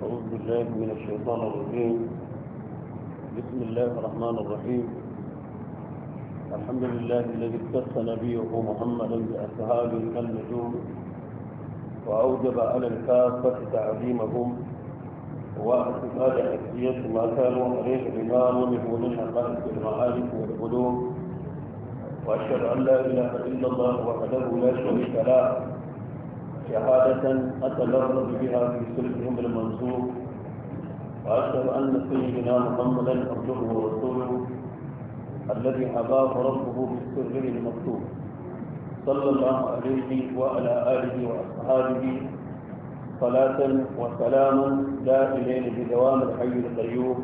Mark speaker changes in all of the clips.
Speaker 1: أعوذ بالله من الشيطان الرجيم بسم الله الرحمن الرحيم الحمد لله الذي اختص نبيه محمدا بأسهاب النجوم وأوجب على الكافة تعظيمهم واعتقاد حسية ما كانوا عليه بما ولدوا من حقائق المعارف والعلوم وأشهد أن لا إله إلا الله وحده لا شريك له شهادة أتلفظ بها في سلكهم المنصور وأشهد أن سيدنا محمدا عبده ورسوله الذي حباه ربه بالسر المكتوب صلى الله عليه وعلى آله وأصحابه صلاة وسلاما دائمين بدوام الحي القيوم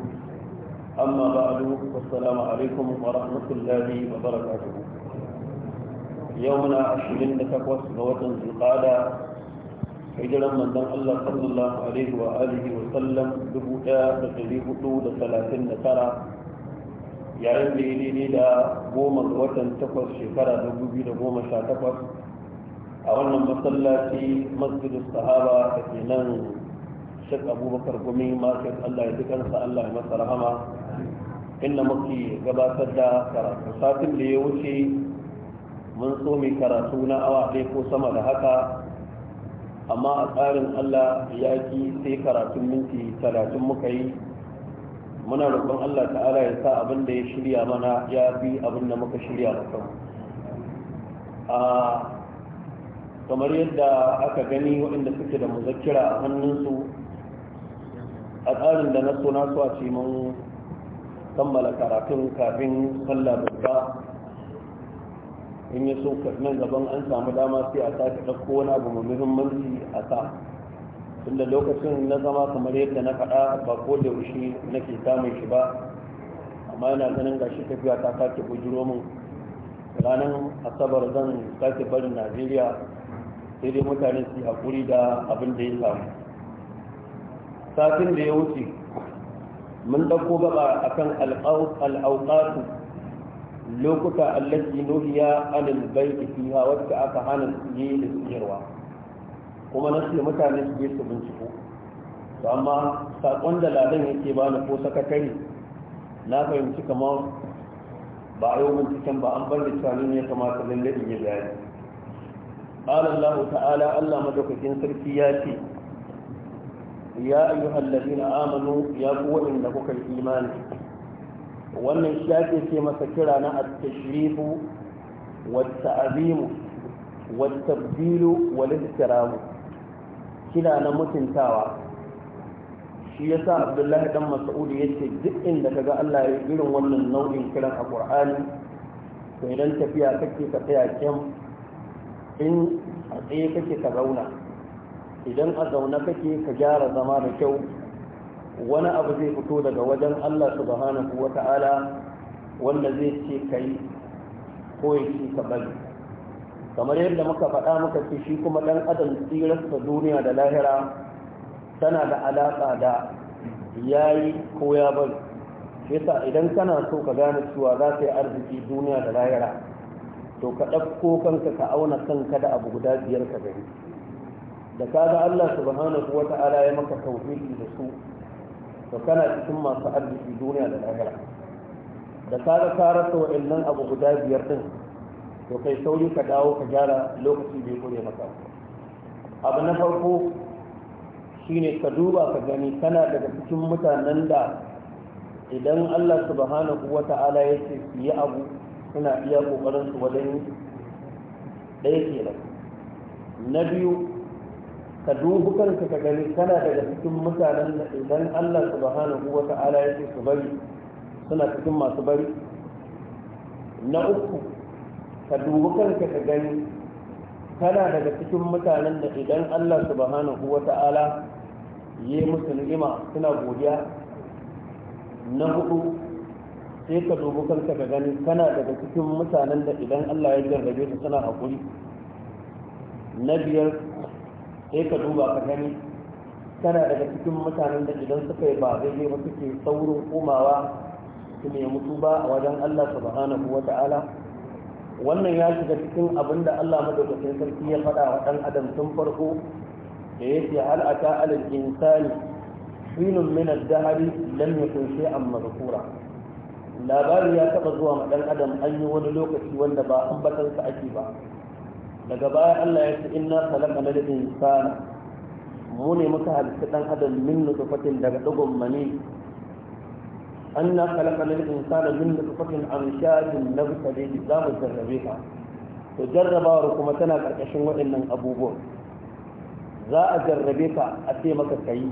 Speaker 1: أما بعد والسلام عليكم ورحمة الله وبركاته يومنا عشرين لتكوس قوة القادة hijiran manzon Allah sallallahu alaihi wa alihi wa sallam tara yayin da yi ne da goma ga watan takwas shekara da dubu da goma sha takwas a wannan masallaci masjidus sahaba da ke nan shek abubakar gumi masu allah ya dukansa allah ya masa rahama inda muke gabatar da karatu satin da ya wuce mun so mai karatu na awa ɗaya ko sama da haka amma a tsarin Allah ya ki sai karatun minti talatin muka yi muna roƙon Allah ta'ala ya sa abin da ya shirya mana ya fi abin da muka shirya da kan kamar yadda aka gani waɗanda suke da muzakira a hannunsu a tsarin da na so na so a ce mun kammala karatun kafin sallah babba in ya so nan gaban an samu dama sai a sake ɗauko wani abu mai muhimmanci a sa tunda lokacin na zama kamar yadda na faɗa ba ko da yaushe nake samun shi ba amma yana ganin gashi tafiya ta sake bujiro min ranar asabar zan sake barin najeriya sai dai mutane su haƙuri da abin da ya samu satin da ya wuce mun ɗauko gaba akan al'auƙatu lokuta allati nuhiya anil bayti fiha wacce aka hana yi da siyarwa kuma na ce mutane su je su binciko to amma sakon da ladan yake ba ni ko sakatare na fahimci kamar ba a yi binciken ba an bar da cewa ne ya kamata lalle in yi bayani qala Allah ta'ala Allah madaukakin sarki ya ce ya ayyuhal ladina amanu ya ku wa'inda kuka yi imani wannan shi ake ce masa kira na at-tashrifu wat-ta'zimu wat-tabdilu kira na mutuntawa shi ya sa abdullahi dan mas'ud ya ce duk inda kaga Allah ya irin wannan nau'in kiran a ƙur'ani. to idan tafiya kake ka tsaya kyan in a tsaye kake ka zauna idan a zauna kake ka gyara zama da kyau wani abu zai fito daga wajen Allah subhanahu wa ta'ala wanda zai ce kai ko ya ce ka bari kamar yadda muka faɗa muka ce shi kuma ɗan adam tsirarsa duniya da lahira tana da alaƙa da yayi ko ya bari yasa idan kana so ka gane cewa za ka yi arziki duniya da lahira to ka ɗauko kanka ka auna kanka da abu guda biyar ka gani da kaga Allah subhanahu ta'ala) ya maka tauhidi da su to kana cikin masu arziki duniya da lahira da ka ga ka wa'annan abu guda biyar din to kai sauri ka dawo ka gyara lokaci bai kure maka abu na farko shine ka duba ka gani kana daga cikin mutanen da idan Allah subhanahu ta'ala ya ce su yi abu suna iya kokarin su wajen ɗaya kenan na biyu ka duhu kanka ka gani kana daga cikin mutanen da idan Allah subhanahu wa ta'ala ya ce su bari suna cikin masu bari na uku ka dubi kanka ka gani kana daga cikin mutanen da idan Allah subhanahu wa ta'ala yi musu ni'ima suna godiya na hudu sai ka dubu kanka ka gani kana daga cikin mutanen da idan Allah ya jarrabe su suna haƙuri na biyar sai ka duba ka gani tana daga cikin mutanen da idan suka yi ba daidai ba suke saurin komawa su mutu ba a wajen Allah subhanahu wa ta'ala wannan ya shiga cikin abin da Allah madaukakin sarki ya faɗa wa ɗan adam tun farko da yake hal ata alal insani filin min ad-dahri lam yakun shay'an madhkura labari ya taba zuwa ma ɗan adam an yi wani lokaci wanda ba ambatansa ake ba daga baya Allah ya ce inna khalaqna lil insana mu ne muka halitta dan adam min nutfatin daga dugun mani anna khalaqna lil insana min nutfatin amshajin nabtali za mu jarrabe ka to jarrabawar kuma tana karkashin waɗannan abubuwan za a jarrabe ka a ce maka kai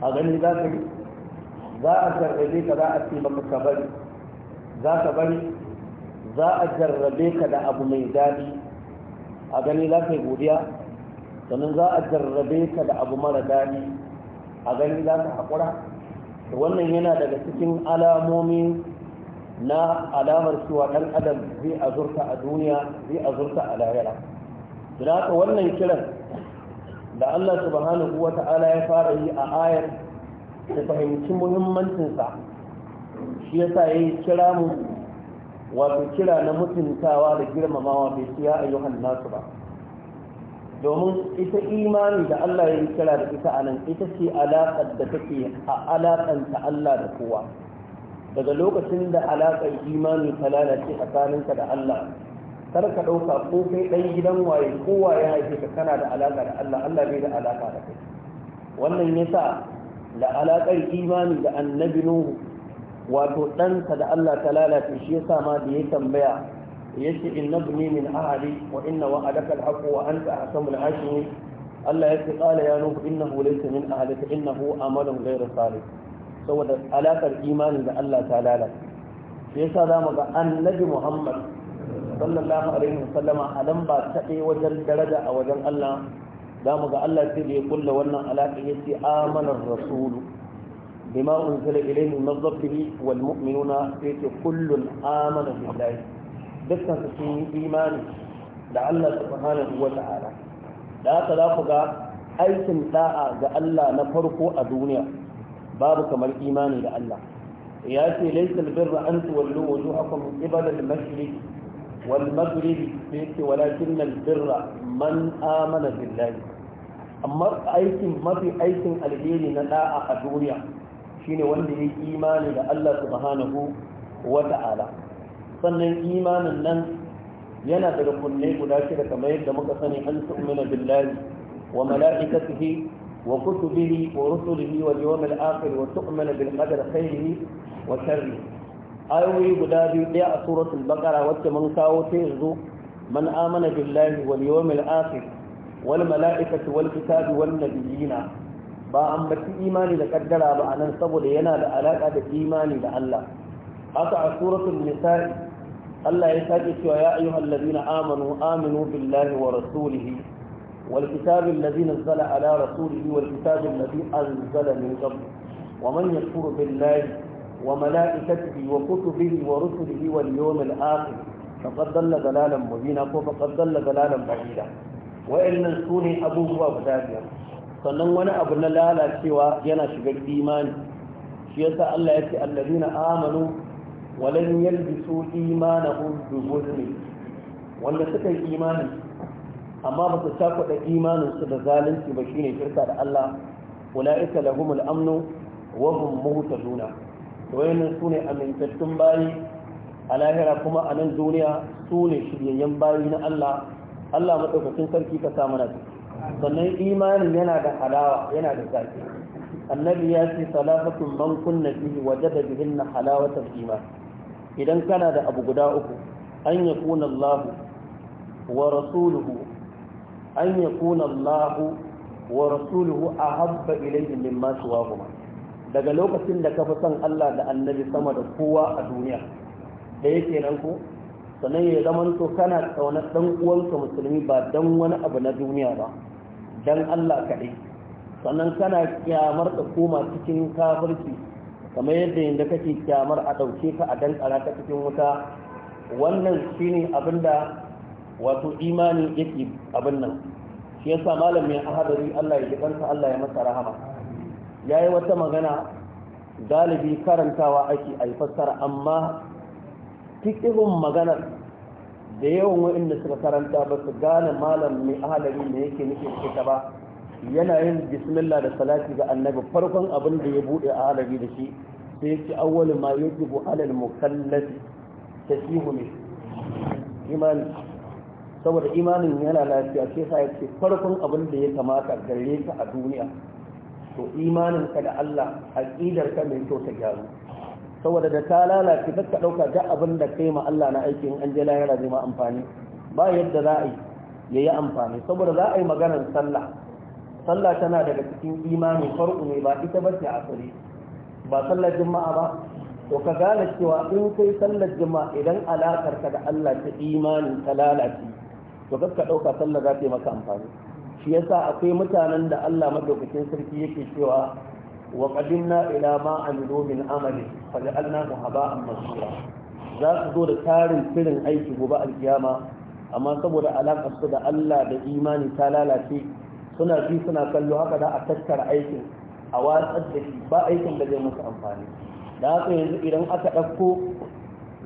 Speaker 1: a gani za ka yi za a jarrabe ka za a ce maka ka bari za ka bari za a jarrabe ka da abu mai daɗi a gani za ka yi godiya sannan za a jarrabe ka da abu mara daɗi a gani za ka haƙura da wannan yana daga cikin alamomi na alamar cewa ɗan adam zai azurta a duniya zai azurta a lahira don haka wannan kiran da Allah subhanahu wa ta'ala ya fara yi a ayar da fahimci muhimmancinsa shi yasa ya yi kira mu wato kira na mutuntawa da girmamawa bai ce a ayyuhan nasu ba domin ita imani da Allah ya yi kira da ita anan ita ce alaƙar da take a alaƙanta Allah da kowa daga lokacin da alaƙar imani ta lalace tsakaninka da Allah kar ka ɗauka ko kai ɗan gidan waye kowa ya haife ka kana da alaƙa da Allah Allah bai da alaƙa da kai wannan yasa da alaƙar imani da annabi Nuhu wato ɗansa da Allah ta lalata shi yasa ma da ya tambaya in na ibni min ahari wa inna wa'adaka al-haqq wa anta ahkamul hakimin Allah ya ce qala ya nuhu innahu laysa min hu innahu amalun ghayru salih saboda alakar imani da Allah ta lalata shi za mu ga annabi Muhammad sallallahu alaihi sallama a ba ta wajen daraja a wajen Allah mu ga Allah sai da ya kulla wannan ya ci amanar rasulu bima unzila ilayhi min rabbihi wal mu'minuna yake kullun amana billahi dukkan sun yi imani da Allah subhanahu wa ta'ala da haka za ku ga aikin da'a ga Allah na farko a duniya babu kamar imani da Allah ya ce laysal birra an tuwallu wujuhakum qibala al-mashriq والمغرب فيك ولكن البر من آمن بالله أما أيكم ما في أيكم الغير نداء الدنيا shine wanda ya yi imani da Allah subhanahu wa sannan imanin nan yana daga kunne guda shida kamar yadda muka sani an tu'mina billahi wa mala'ikatihi wa kutubihi wa rusulihi wa yawmil akhir wa tu'mina bil qadar khairihi wa sharrihi ayoyi guda biyu daya a suratul baqara wacce mun kawo ta yanzu man amana billahi wal yawmil akhir wal mala'ikati wal kitabi wan nabiyina ba an baki imani da kaddara ba anan saboda yana da alaka da imani da Allah haka a suratul nisa'i Allah ya sake cewa ya ayyuhal ladina amanu aminu billahi wa rasulihi wal kitabil ladzi nazzala ala rasulihi wal kitabil ladzi anzala min qabl wa man yakfur billahi wa malaikatihi wa kutubihi wa rusulihi wal yawmil akhir faqad dalla dalalan mubina ko faqad dalla dalalan ba'ida wa'annan sune abubuwa guda biyar sannan wani abu na lalacewa yana shigar imani shi yasa Allah ya ce allazina amanu walan yalbisu imanahum bi zulmi wanda suka yi imani amma ba su takwada imanin su da zalunci ba shine shirka da Allah ulaika lahumul amnu wa hum muhtaduna wayannan sune amintattun bayi a lahira kuma a nan duniya sune shiryayyen bayi na Allah Allah maɗaukacin sarki ka sa mana sannan imanin yana da halawa yana da zafi annabi ya ce salafatun man kunna fihi bihin na halawatul iman idan kana da abu guda uku an kuna allahu wa rasuluhu an kuna allahu wa rasuluhu ahabba ilayhi masu daga lokacin da ka son Allah da annabi sama da kowa a duniya da yake nan ko sannan ya zama to kana kaunar ɗan uwanka musulmi ba don wani abu na duniya ba dan Allah kaɗai sannan kana kyamar ka koma cikin kafirci kamar yadda yanda kake kyamar a ɗauke ka a dankara ka cikin wuta wannan shine abin da wato imani yake abin nan shi yasa malam mai ahadari Allah ya jikansa Allah ya masa rahama yayi wata magana galibi karantawa ake a fassara amma cikin maganar da yawan waɗanda suka karanta ba su gane malam mai ahalari ne yake nufin da ba yana yin bismillah da salati ga annabi farkon abin da ya buɗe ahalari da shi sai ya ce awwalu ma yajibu alal mukallafi tasihu ne saboda imanin yana lafiya sai sa ya farkon abin da ya kamata gare ka a duniya to imanin ka da Allah aqidar ka mai kyau ta gyaru saboda da ta lalace duk ka ɗauka duk abin da kai ma Allah na aikin in an je lahira zai ma amfani ba yadda za a yi ya yi amfani saboda za a yi maganar sallah sallah tana daga cikin imanin farko ne ba ita ba ce asali ba sallar juma'a ba to ka gane cewa in kai sallar jima'a idan alakar ka da Allah ta imani ta lalace to ka ɗauka sallah za ta yi maka amfani shi yasa akwai mutanen da Allah madaukakin sarki yake cewa وقدمنا إلى ما عملوا من عمل فجعلناه هباء منثورا za su zo da tarin firin aiki gobe alkiyama amma saboda alaƙar su da Allah da imani ta lalace suna ji suna kallo haka da a tattara aikin a watsar da shi ba aikin da zai musu amfani da haka yanzu idan aka ɗauko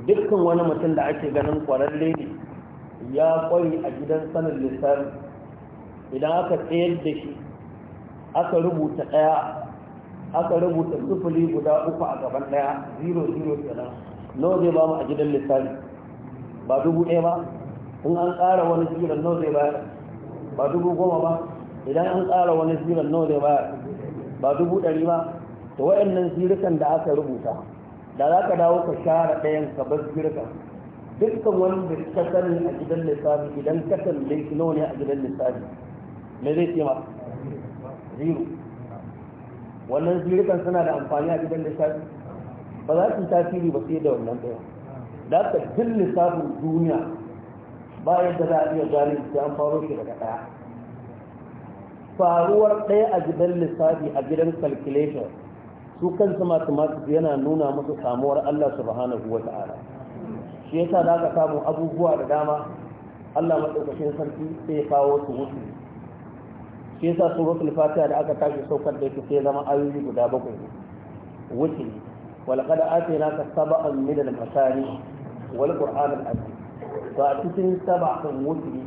Speaker 1: dukkan wani mutum da ake ganin kwararre ne ya kwari a gidan sanar lissafi idan aka tsayar da shi aka rubuta ɗaya aka rubuta sufuli guda uku a gaban daya 00 zero nawa zai ba mu a gidan lissafi ba dubu ɗaya ba in an ƙara wani ziran nawa zai bayar ba dubu goma ba idan an ƙara wani ziran nawa zai bayar ba dubu ɗari ba to wayannan zirikan da aka rubuta da za ka dawo ka share ɗayan ka bar zirikan dukkan wanda ka sani a gidan lissafi idan ka sani nawa ne a gidan lissafi me zai ce ma zero wannan zirikan suna da amfani a gidan lissafi ba za su tasiri ba sai da wannan ɗaya da aka jin lissafin duniya ba yadda za a iya gane da an faro shi daga ɗaya faruwar ɗaya a gidan lissafi a gidan calculation su kansu masu yana nuna musu samuwar Allah subhanahu wa ta'ala shi yasa da aka samu abubuwa da dama Allah maɗaukacin sarki sai ya kawo su wuce shi yasa suratul fatiha da aka tashi saukar da yake sai zama ayoyi guda bakwai wuce wal qad atina ka sab'an min al masani wal qur'an al azim to a cikin sab'an wuce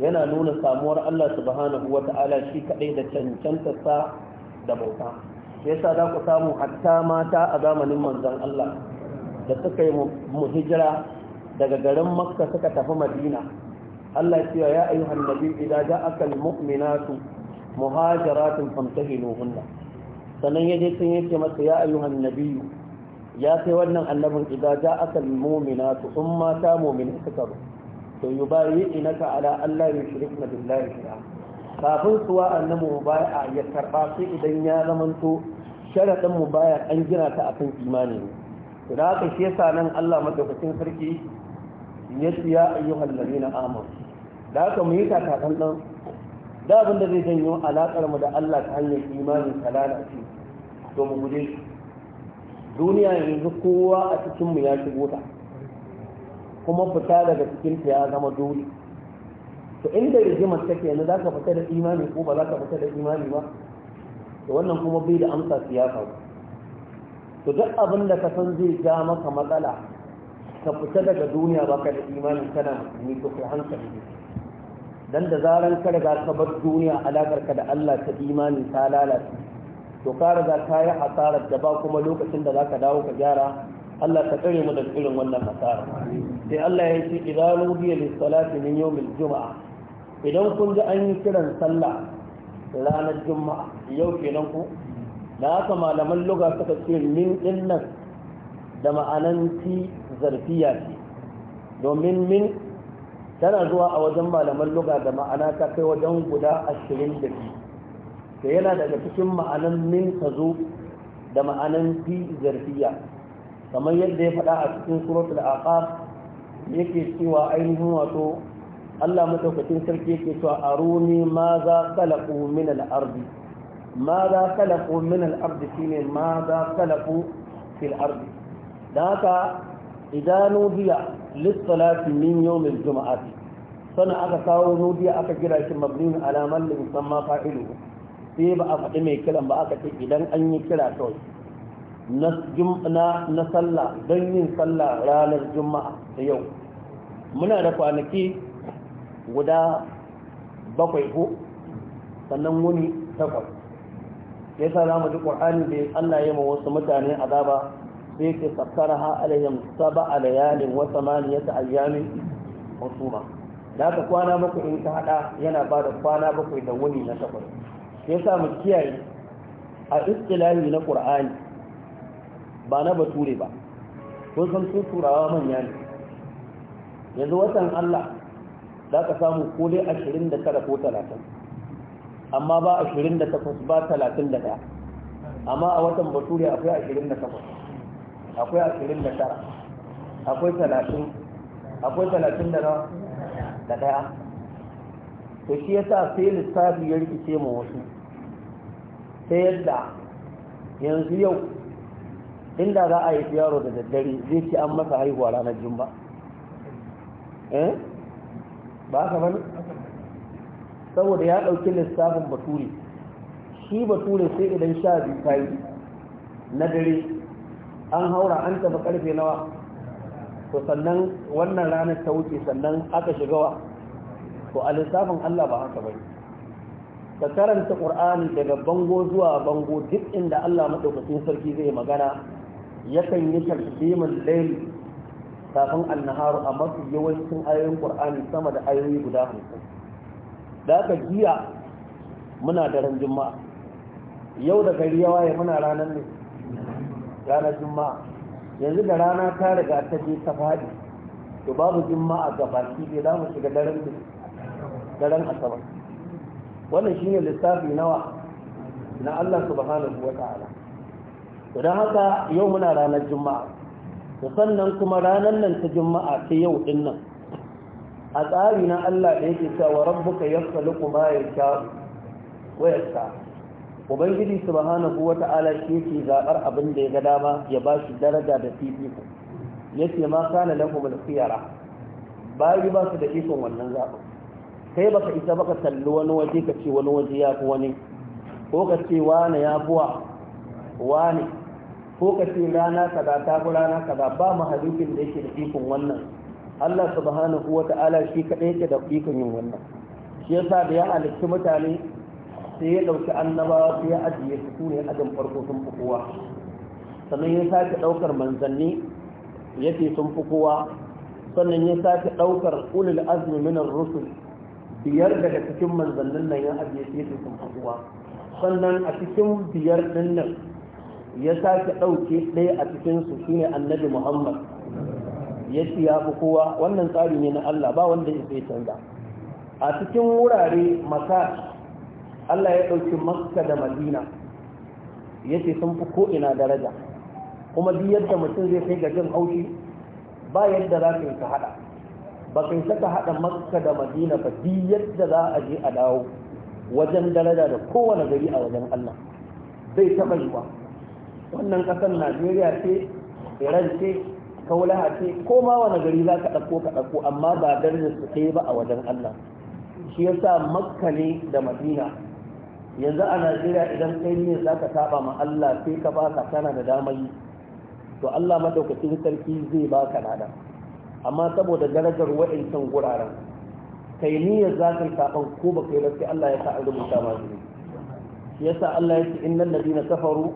Speaker 1: yana nuna samuwar Allah subhanahu wa ta'ala shi kadai da cancanta sa da bauta yasa za ku samu hatta mata a zamanin manzon Allah da suka yi mu hijira daga garin Makka suka tafi Madina Allah ya ce ya ayyuhan nabi idan ja'aka almu'minatu muhajiratun famtahinuhunna sannan yaje sun yace masa ya ayyuhan nabi ya kai wannan annabin idan ja'aka almu'minatu umma ta mu'min suka to yubayyinaka ala Allah yushrikna billahi kafin suwa annabi mubaya ya karba idan ya zamanto sharaɗin mubaya an gina ta akan imani ne to da haka shi yasa nan Allah madaukakin sarki ya ya ayyuhal da haka mu yi kakakan ɗan da abin da zai janyo alaƙar mu da Allah ta hanyar imanin salala ce to mu guje shi duniya yanzu kowa a cikin mu ya shigo ta kuma fita daga cikin ta ya zama dole to inda rigimar take yanzu za ka fita da imani ko ba za ka fita da imani ba to wannan kuma bai da amsa siyasa ba to duk abin da ka san zai ja maka matsala ka fita daga duniya ba ka da imani kana musulmi to kai hankali ne dan da zaran ka riga ka bar duniya alakar ka da Allah ta imani ta lalata to ka riga ka yi hasarar da ba kuma lokacin da zaka dawo ka gyara Allah ta tsare mu da irin wannan hasara sai Allah ya ce idan rubiya lis salati min al juma'a idan kun ji an yi kiran sallah ranar juma'a yau kenan ku da haka malaman luga suka ce min dinnan da ma'anan ti zarfiya ce domin min tana zuwa a wajen malaman luga da ma'ana ta kai wajen guda ashirin da biyu da yana daga cikin ma'anan min ta da ma'anan fi zarfiya kamar yadda ya faɗa a cikin suratul aqab yake cewa ainihin wato Allah madaukakin sarki yake cewa aruni ma za khalaqu min al-ardi ma za khalaqu min al-ardi shine ma za khalaqu fil ardi da haka idanu biya lissalati min yawmil juma'ati sana aka kawo nudiya aka kira shi mabnin alaman da samma fa'ilu sai ba a faɗi mai kiran ba aka ce idan an yi kira kawai na sallah don yin sallah ranar juma'a da yau muna da kwanaki guda bakwai ko sannan wuni takwas ya sa za mu ji qur'ani da Allah ya ma wasu mutane azaba sai ke sakkara ha alayyan saba a layalin wata ta ayyamin husuma da ka kwana bakwai in ka hada yana ba da kwana bakwai da wuni na takwas sai sa mu kiyaye a istilahi na qur'ani ba na bature ba kun san su turawa manya ne yanzu watan Allah za ka samu ko dai ashirin da tara ko talatin, amma ba ashirin da takwas ba talatin da 31 amma a watan bature akwai ashirin da takwas. akwai ashirin da tara akwai talatin akwai talatin da nawa da ɗaya to shi yasa sai lissafi ya rikice ma wasu ta yadda yanzu yau inda za a yi yaro da daddare zai ci an masa haihuwa ranar jumba eh ba ka bani saboda ya ɗauki lissafin bature shi bature sai idan sha biyu ta yi na dare an haura an tafi karfe nawa to sannan wannan ranar ta wuce sannan aka shiga wa to a lissafin Allah ba haka bane ka karanta Qur'ani daga bango zuwa bango duk inda Allah madaukakin sarki zai magana yakan yi tarjimul lail kafin annaharu a mafi yawancin ayoyin Qur'ani sama da ayoyi guda hamsin. da aka jiya muna da ran juma'a yau da gari ya waye muna ranar ne ranar juma'a yanzu da rana ta riga ta je ta faɗi to babu juma'a ga baki ne za mu shiga daren asabar wannan shine lissafi nawa na Allah subhanahu wa ta'ala to dan haka yau muna ranar juma'a to sannan kuma ranar nan ta juma'a ta yau din nan a tsari na Allah da yake cewa rabbuka yakhluqu ma yasha wa yasha ubangiji subhanahu wata'ala shi yake zabar abin da ya ga dama ya ba shi daraja da fifiko yace ma kana lahu bil khiyara yi ba su da ikon wannan zaɓin kai baka isa baka sallu wani waje ka ce wani waje ya fi wani ko ka ce wani ya fi wani ko ka ce rana kaza ta fi rana kaza ba hadisin da yake da ikon wannan Allah subhanahu wa ta'ala shi kaɗai yake da ikon yin wannan shi yasa da ya halitta mutane sai ya ɗauki annabawa su ya ajiye su su ne ajin farko sun fi kowa sannan ya sake ɗaukar manzanni ya ce sun fi kowa sannan ya sake ɗaukar ulil azmi minar rusul biyar daga cikin manzannin nan ya ajiye su ya ce sun fi kowa sannan a cikin biyar ɗin nan ya sake ɗauke ɗaya a cikin cikinsu shine annabi muhammad ya ce ya fi kowa wannan tsari ne na allah ba wanda ya sai canza a cikin wurare maka Allah ya ɗauki makka da madina ya ce sun fi ko'ina daraja kuma duk yadda mutum zai kai ga jin haushi ba yadda za ka yi ka haɗa ba kai saka haɗa makka da madina ba duk yadda za a je a dawo wajen daraja da kowane gari a wajen Allah Zai taɓa yi ba wannan ƙasar najeriya ce iran ce kaulaha ce ko ma wani gari za ka ɗauko ka ɗauko amma ba darajar su kai ba a wajen allah shi yasa makka ne da madina yanzu a najeriya idan kai ne za ka ma allah sai ka baka kana da damar yi to allah madaukakin sarki zai baka nada amma saboda darajar wa'incan guraren kai niyyar za ka taɓa ko ba kai sai allah ya sa an rubuta ma zuri shi yasa allah ya ce innal ladina kafaru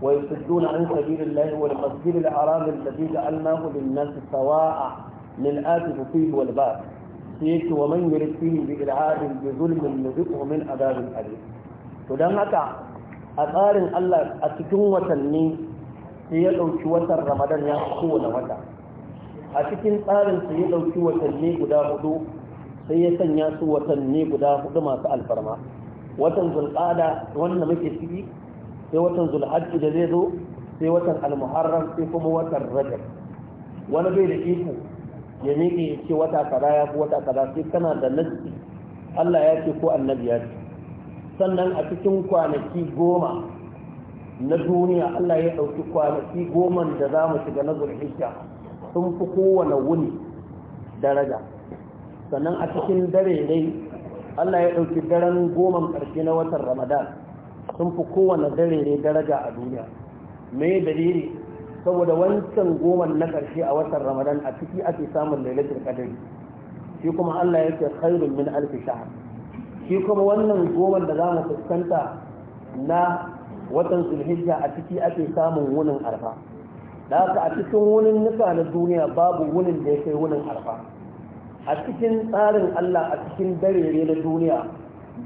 Speaker 1: wa yasudduna an sabilillahi wal da haram alladhi ja'alnahu lin-nas sawa'a wa فيه والباب سيك bi يرد فيه بإلعاد بظلم نذقه من عذاب أليم to don haka a tsarin Allah a cikin watanni sai ya ɗauki watan ramadan ya kowane wata a cikin tsarin sai ya ɗauki watanni guda hudu sai ya sanya su watanni guda hudu masu alfarma watan zulqada wanda muke ciki sai watan zulhajji da zai zo sai watan almuharram sai kuma watan rajab wani bai da iko ya miƙe ya ce wata kaza ya fi wata kaza sai kana da nasi Allah ya ce ko annabi ya ce sannan a cikin kwanaki goma na duniya Allah ya ɗauki kwanaki goma da za mu shiga na hijja sun fi kowane wuni daraja sannan a cikin dare dai Allah ya ɗauki daren goman ƙarshe na watan ramadan sun fi kowane dare dai daraja a duniya me dalili saboda wancan goman na ƙarshe a watan ramadan a ciki ake samun lailatul qadari shi kuma Allah yake khairun min alfi shahr shi kuma wannan goman da za mu fuskanta na watan zulhijja a ciki ake samun wunin arfa da haka a cikin wunin nufa na duniya babu wunin da ya kai wunin arfa a cikin tsarin allah a cikin dare na duniya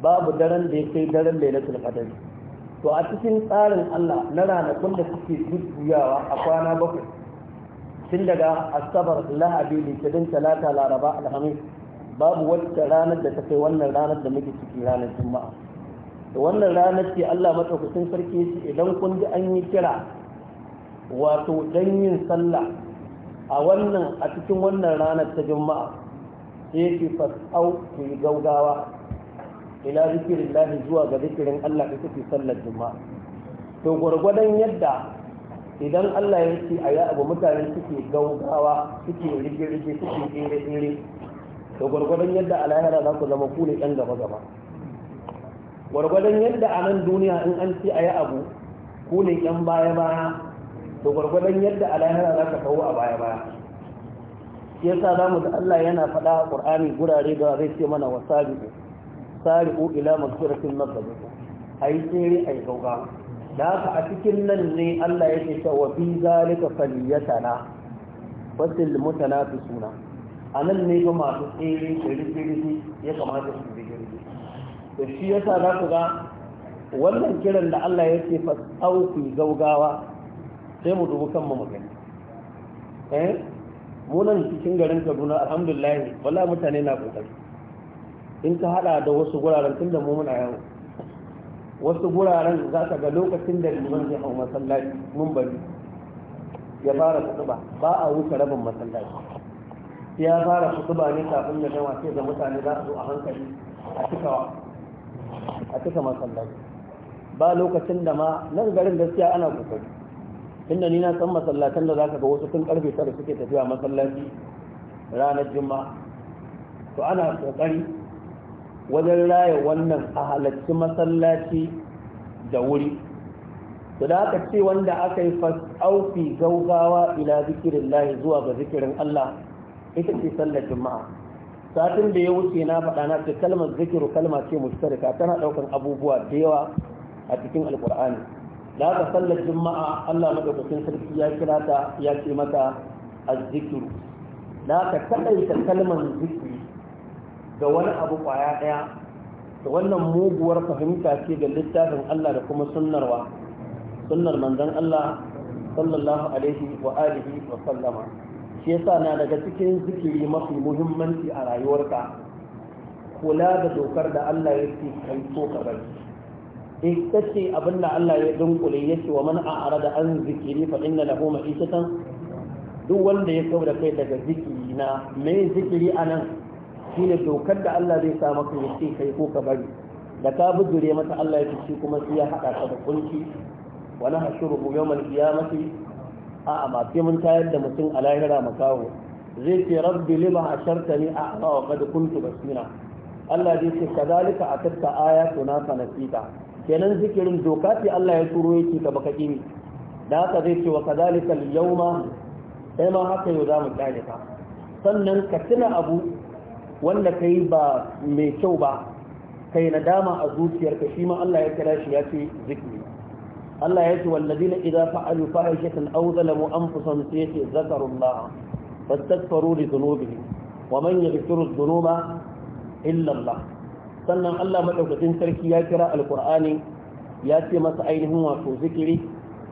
Speaker 1: babu daren da ya kai daren na qadr to a cikin tsarin allah na ranakun da suke jujjuyawa a kwana bakwai tun daga asabar lahadi litinin talata laraba alhamis babu wata ranar da ta kai wannan ranar da muke ciki ranar juma'a da wannan ranar ce Allah madaukakin sarki shi idan kun ji an yi kira wato dan yin sallah a wannan a cikin wannan ranar ta juma'a sai yake fasau ku yi gaugawa ila zikirin lahi zuwa ga zikirin Allah da kuke sallar juma'a to gwargwadon yadda idan Allah ya ce a yi abu mutane suke gaugawa suke rige-rige suke tsere-tsere To gwargwadon yadda a lahira za ku zama ku ne ɗan gaba gaba gwargwadon yadda a nan duniya in an ci a yi abu ku ne ɗan baya baya to gwargwadon yadda a lahira za ka kawo a baya baya shi yasa za mu da Allah yana faɗa a Qur'ani gurare da zai ce mana wa sabiqu sari'u ila maghfiratin min rabbikum ayi tsere ayi gauga da haka a cikin nan ne Allah yake cewa fi zalika falyatana fasil mutanafisuna a nan ne ba masu tsere tsere ya kamata su bi girgi Da shi ya sa za ku ga wannan kiran da Allah ya ce fa tsauki zaugawa sai mu dubu kan mu gani eh mu nan cikin garin Kaduna alhamdulillah wala mutane na kokari in ka hada da wasu guraren tun mu mummuna yawo wasu guraren za ka ga lokacin da liman zai hau masallaci mun bari ya fara kutuba ba a wuce rabin masallaci ya fara su zuba ne kafin da gama sai da mutane za su zo a hankali a cikawa a cika masallaci ba lokacin da ma nan garin gaskiya ana kokari inda ni na san masallatan da zaka ga wasu tun karfe tara suke tafiya masallaci ranar juma'a to ana kokari wajen raya wannan a halarci masallaci da wuri to da aka ce wanda aka yi fasaufi gaugawa ila zikirin lahi zuwa ga zikirin Allah ita ce sallar juma'a satin da ya wuce na faɗa na ce kalmar zikiru kalma ce mushtarika tana ɗaukar abubuwa da yawa a cikin alkur'ani da haka sallar juma'a Allah madaukakin sarki ya kira ta ya ce mata azzikiru da haka kadaita kalmar zikiri ga wani abu kwaya ɗaya da wannan muguwar fahimta ce ga littafin Allah da kuma sunnarwa sunnar manzon Allah sallallahu alaihi wa alihi wa sallama shi yasa na daga cikin zikiri mafi muhimmanci a rayuwarka kula da dokar da Allah ya ce kai so ka bari in abin da Allah ya dunkule yace wa man da an zikiri fa inna lahu ma'isatan duk wanda ya kawo da kai daga zikiri na me zikiri anan shine dokar da Allah zai sa maka yace kai ko ka bari da ka bujure mata Allah ya ce kuma sai ya hada ka da kunci wa nahshuruhu yawmal qiyamati a'a ba sai mun tayar da mutum a lahira makawo zai ce rabbi lima ashartani a ba wa kada kuntu basira Allah zai ce kadalika atatta ayatuna fa nasita kenan zikirin doka ce Allah ya turo yake ka baka kimi da haka zai ce wa kadalika yau ma? sai ma haka yau zamu tsare ka sannan ka tuna abu wanda yi ba mai kyau ba kai nadama a zuciyarka shi ma Allah ya kira shi ya ce zikiri Allah ya ce walladina idza fa'alu fahishatan aw zalamu anfusahum sayati zakarullah fastaghfiru li dhunubihim wa man yaghfiru dhunuba illa Allah sannan Allah madaukakin sarki ya kira alqur'ani ya ce masa ainihin wato zikiri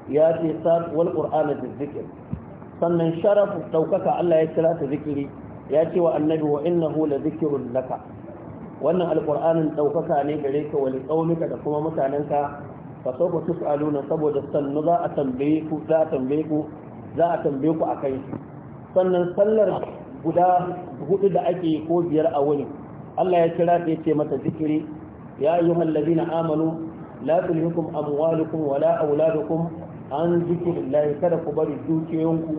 Speaker 1: ya ce sar wal qur'ana zikr sannan sharafu daukaka Allah ya kira ta zikiri ya ce wa annabi wa innahu la zikrun laka wannan alqur'anin daukaka ne gare ka wa liqaumika da kuma mutanenka fa sawfa tus'aluna saboda sannu za a tambaye ku za a tambaye ku za a tambaye ku sannan sallar guda hudu da ake ko biyar a wuni Allah ya kira ta yace mata zikiri ya ayyuhal na amanu la tulhikum amwalukum wala auladukum an zikirillahi kada ku bari dukiyoyinku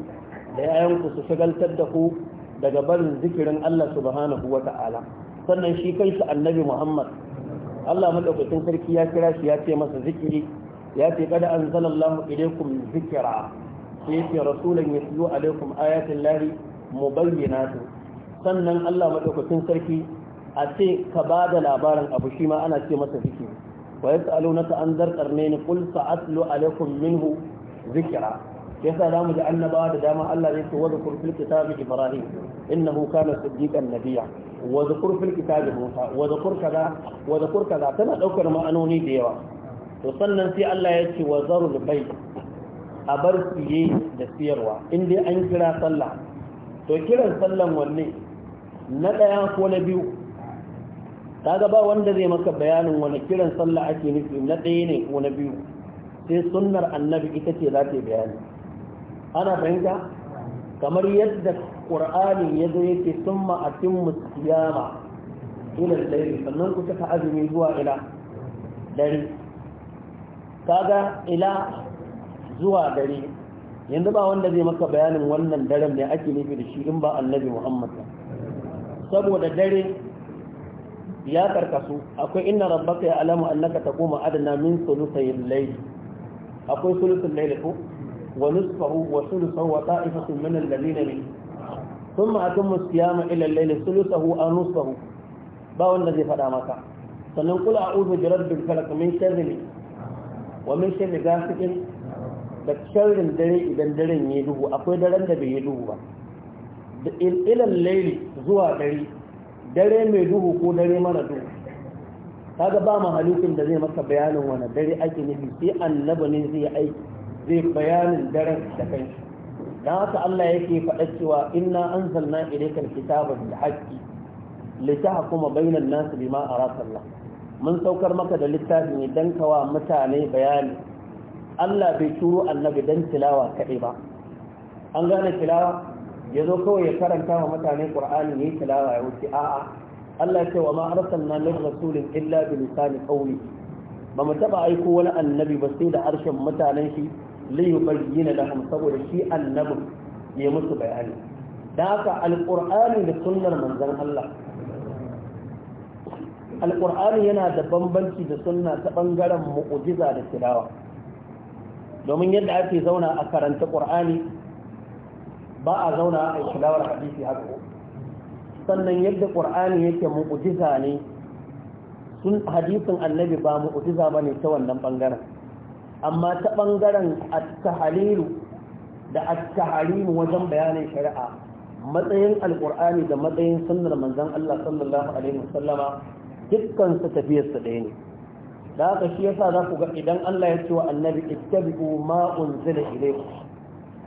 Speaker 1: da yayanku su shagaltar da ku daga barin zikirin Allah subhanahu wa ta'ala sannan shi kansa annabi Muhammad Allah madaukakin sarki ya kira shi ya ce masa zikiri ya ce kada allahu ilaykum zikira sai ce rasulan yatlu alaikum ayatin bayyana su sannan Allah madaukakin sarki a ce ka ba da labarin abu shi ma ana ce masa zikiri wa yas'alunaka an zarqar ne ni qul sa'atlu alaikum minhu sa za zamu ji annabawa da dama Allah ya ce wa dhkur fil kitabi ibrahim innahu kana siddiqan nabiyya wa zakur tana daukar ma'anoni da yawa to sannan sai Allah ya ce wa zarul bai a bar siye da siyarwa in dai an kira sallah to kiran sallan wanne na daya ko na biyu kaga ba wanda zai maka bayanin wani kiran sallah ake nufi na daya ne ko na biyu sai sunnar annabi ita ce za ta bayani ana fahimta kamar yadda ƙur'ani ya zo yake sun ma'afin musiyama ilal dare sannan ku cika azumi zuwa ila dare kaga ila zuwa dare yanzu ba wanda zai maka bayanin wannan daren ne ake nufi da shi in ba annabi muhammad saboda dare ya karkasu akwai inna rabbaka ya alamu annaka taquma adna min sulusayil layl akwai sulusul layl ko wa nisfahu wa sulusahu wa ta'ifatun min alladhina min sun ma'atun musiyama ilal laili sulusahu an nusahu ba wanda zai faɗa maka sannan kula a uzu jirar bin min sharri ne wa min sharri gasikin da sharrin dare idan daren ya duhu akwai daren da bai yi duhu ba da ilal laili zuwa dare dare mai duhu ko dare mara duhu kaga ba mahalukin da zai maka bayanin wani dare ake nufi sai annabi ne zai aiki zai bayanin daren da kanshi dan haka Allah yake faɗa cewa inna anzalna ilayka alkitaba bil haqqi litahkuma bainan nas bima araka mun saukar maka da littafi ne dan kawa mutane bayani Allah bai turo annabi dan tilawa kaɗai ba an gane tilawa ya zo kawai ya karanta wa mutane qur'ani ne tilawa ya wuce a'a Allah ya ce wa ma arsalna min rasulin illa bi lisani qawli ba mu taba aiko wani annabi ba sai da harshen mutanen shi liyubayyana lahum saboda shi annabi ya musu bayani dan haka alqur'ani da sunnar manzon Allah alqur'ani yana da bambanci da sunna ta bangaren mu'jiza da tilawa domin yadda ake zauna a karanta qur'ani ba a zauna a tilawar hadisi haka sannan yadda qur'ani yake mu'jiza ne sun hadisin annabi ba mu'jiza bane ta wannan bangaren amma ta ɓangaren attahalilu da attaharimu wajen bayanin shari'a matsayin alƙur'ani da matsayin sunnar manzon Allah sallallahu alaihi wasallama dukkan su tafiyar su ɗaya ne da haka shi yasa za ku ga idan Allah ya ce wa annabi ittabi'u ma unzila ilayku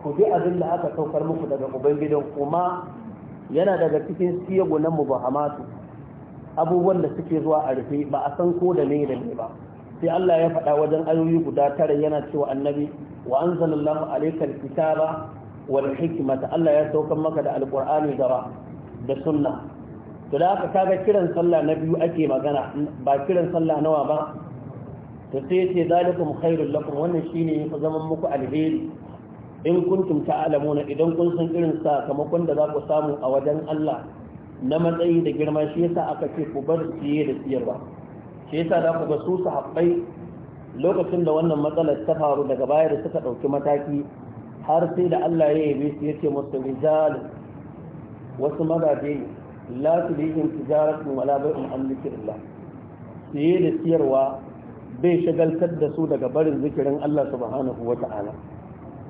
Speaker 1: ku bi abin da aka saukar muku daga ubangidan kuma yana daga cikin siyago na mubahamatu abubuwan da suke zuwa a rufe ba a san ko da ne da ne ba sai Allah ya faɗa wajen ayoyi guda tara yana cewa annabi wa anzalallahu alayka alkitaba wal hikmata Allah ya saukar maka da alqur'ani da da sunna to da aka kaga kiran sallah na biyu ake magana ba kiran sallah nawa ba to sai ce zalikum khairul lakum wannan shine ya zaman muku alheri in kuntum ta'lamuna idan kun san irin sakamakon da za ku samu a wajen Allah na matsayi da girma shi yasa aka ce ku bar siye da siyarwa ke yasa ku ga su sahabbai lokacin da wannan matsalar ta faru daga baya da suka ɗauki mataki har sai da Allah ya yabe su yace musu rijal wasu mazaje la su bi in tijaratun wala bai'un an zikrillah siye da siyarwa bai shagaltar da su daga barin zikirin Allah subhanahu wata'ala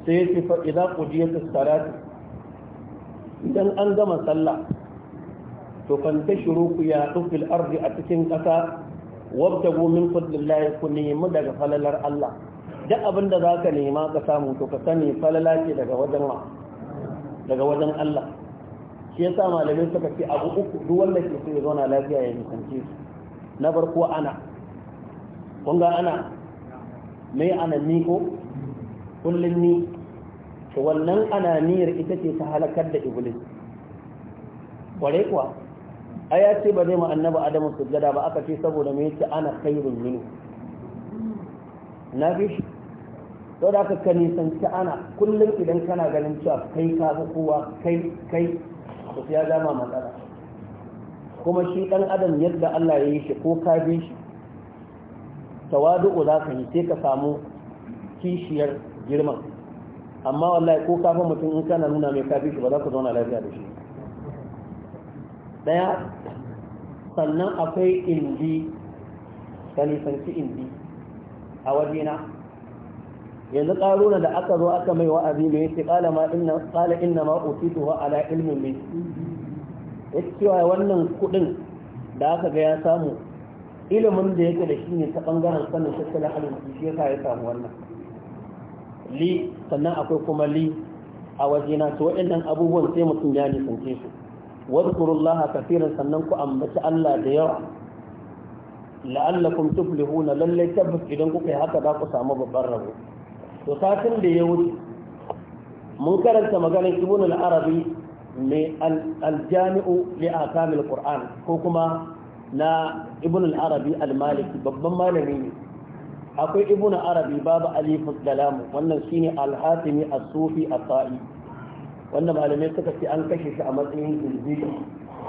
Speaker 1: sai yace fa idza qudiyatus salat idan an gama sallah to kan tashuru ku ya fil ardi a cikin ƙasa wabtagu min fadlillahi ku nemi daga falalar Allah duk abin da zaka nema ka samu to ka sani falala ce daga wajen daga wajen Allah shi yasa malamai suka ce abu uku duk wanda ke so ya zauna lafiya ya nisance su na farko ana kun ga ana me ana ni ko kullum ni to wannan niyyar ita ce ta halakar da iblis kware kuwa a ya ce ba zai ma annabi adamu sujjada ba aka ce saboda mai yake ana khairun minu na fi shi sau da aka ka ana kullum idan kana ganin cewa kai ka fi kowa kai kai to ya zama matsala kuma shi dan adam yadda Allah ya yi shi ko ka bi shi tawadu'u za ka yi sai ka samu kishiyar girman amma wallahi ko kafa mutum in kana nuna mai kafi shi ba za ku zauna lafiya da shi daya sannan akwai indi ka nisanci indi a wajena yanzu karuna da aka zo aka mai wa'azi mai yace ƙala ma inna ƙala inna ma wa ala ilmin min yace cewa wannan kuɗin da aka ga ya samu ilimin da yake da shi ne ta bangaren sanin tattalin halin shi yasa ya samu wannan li sannan akwai kuma li a wajena to waɗannan abubuwan sai mutum ya nisance su wadkurullaha kafiran sannan ku ambaci Allah da yawa la'allakum tuflihuna lalle tabbas idan kuka yi haka za ku samu babban rabo to satin da ya wuce mun karanta maganar ibn al mai al-jami'u li akamil ko kuma na ibn al-arabi babban malami ne akwai ibn arabi babu alifus da lamu wannan shine al-hatimi as-sufi as-sa'i Wannan malamai suka ce an kashe shi a matsayin kirji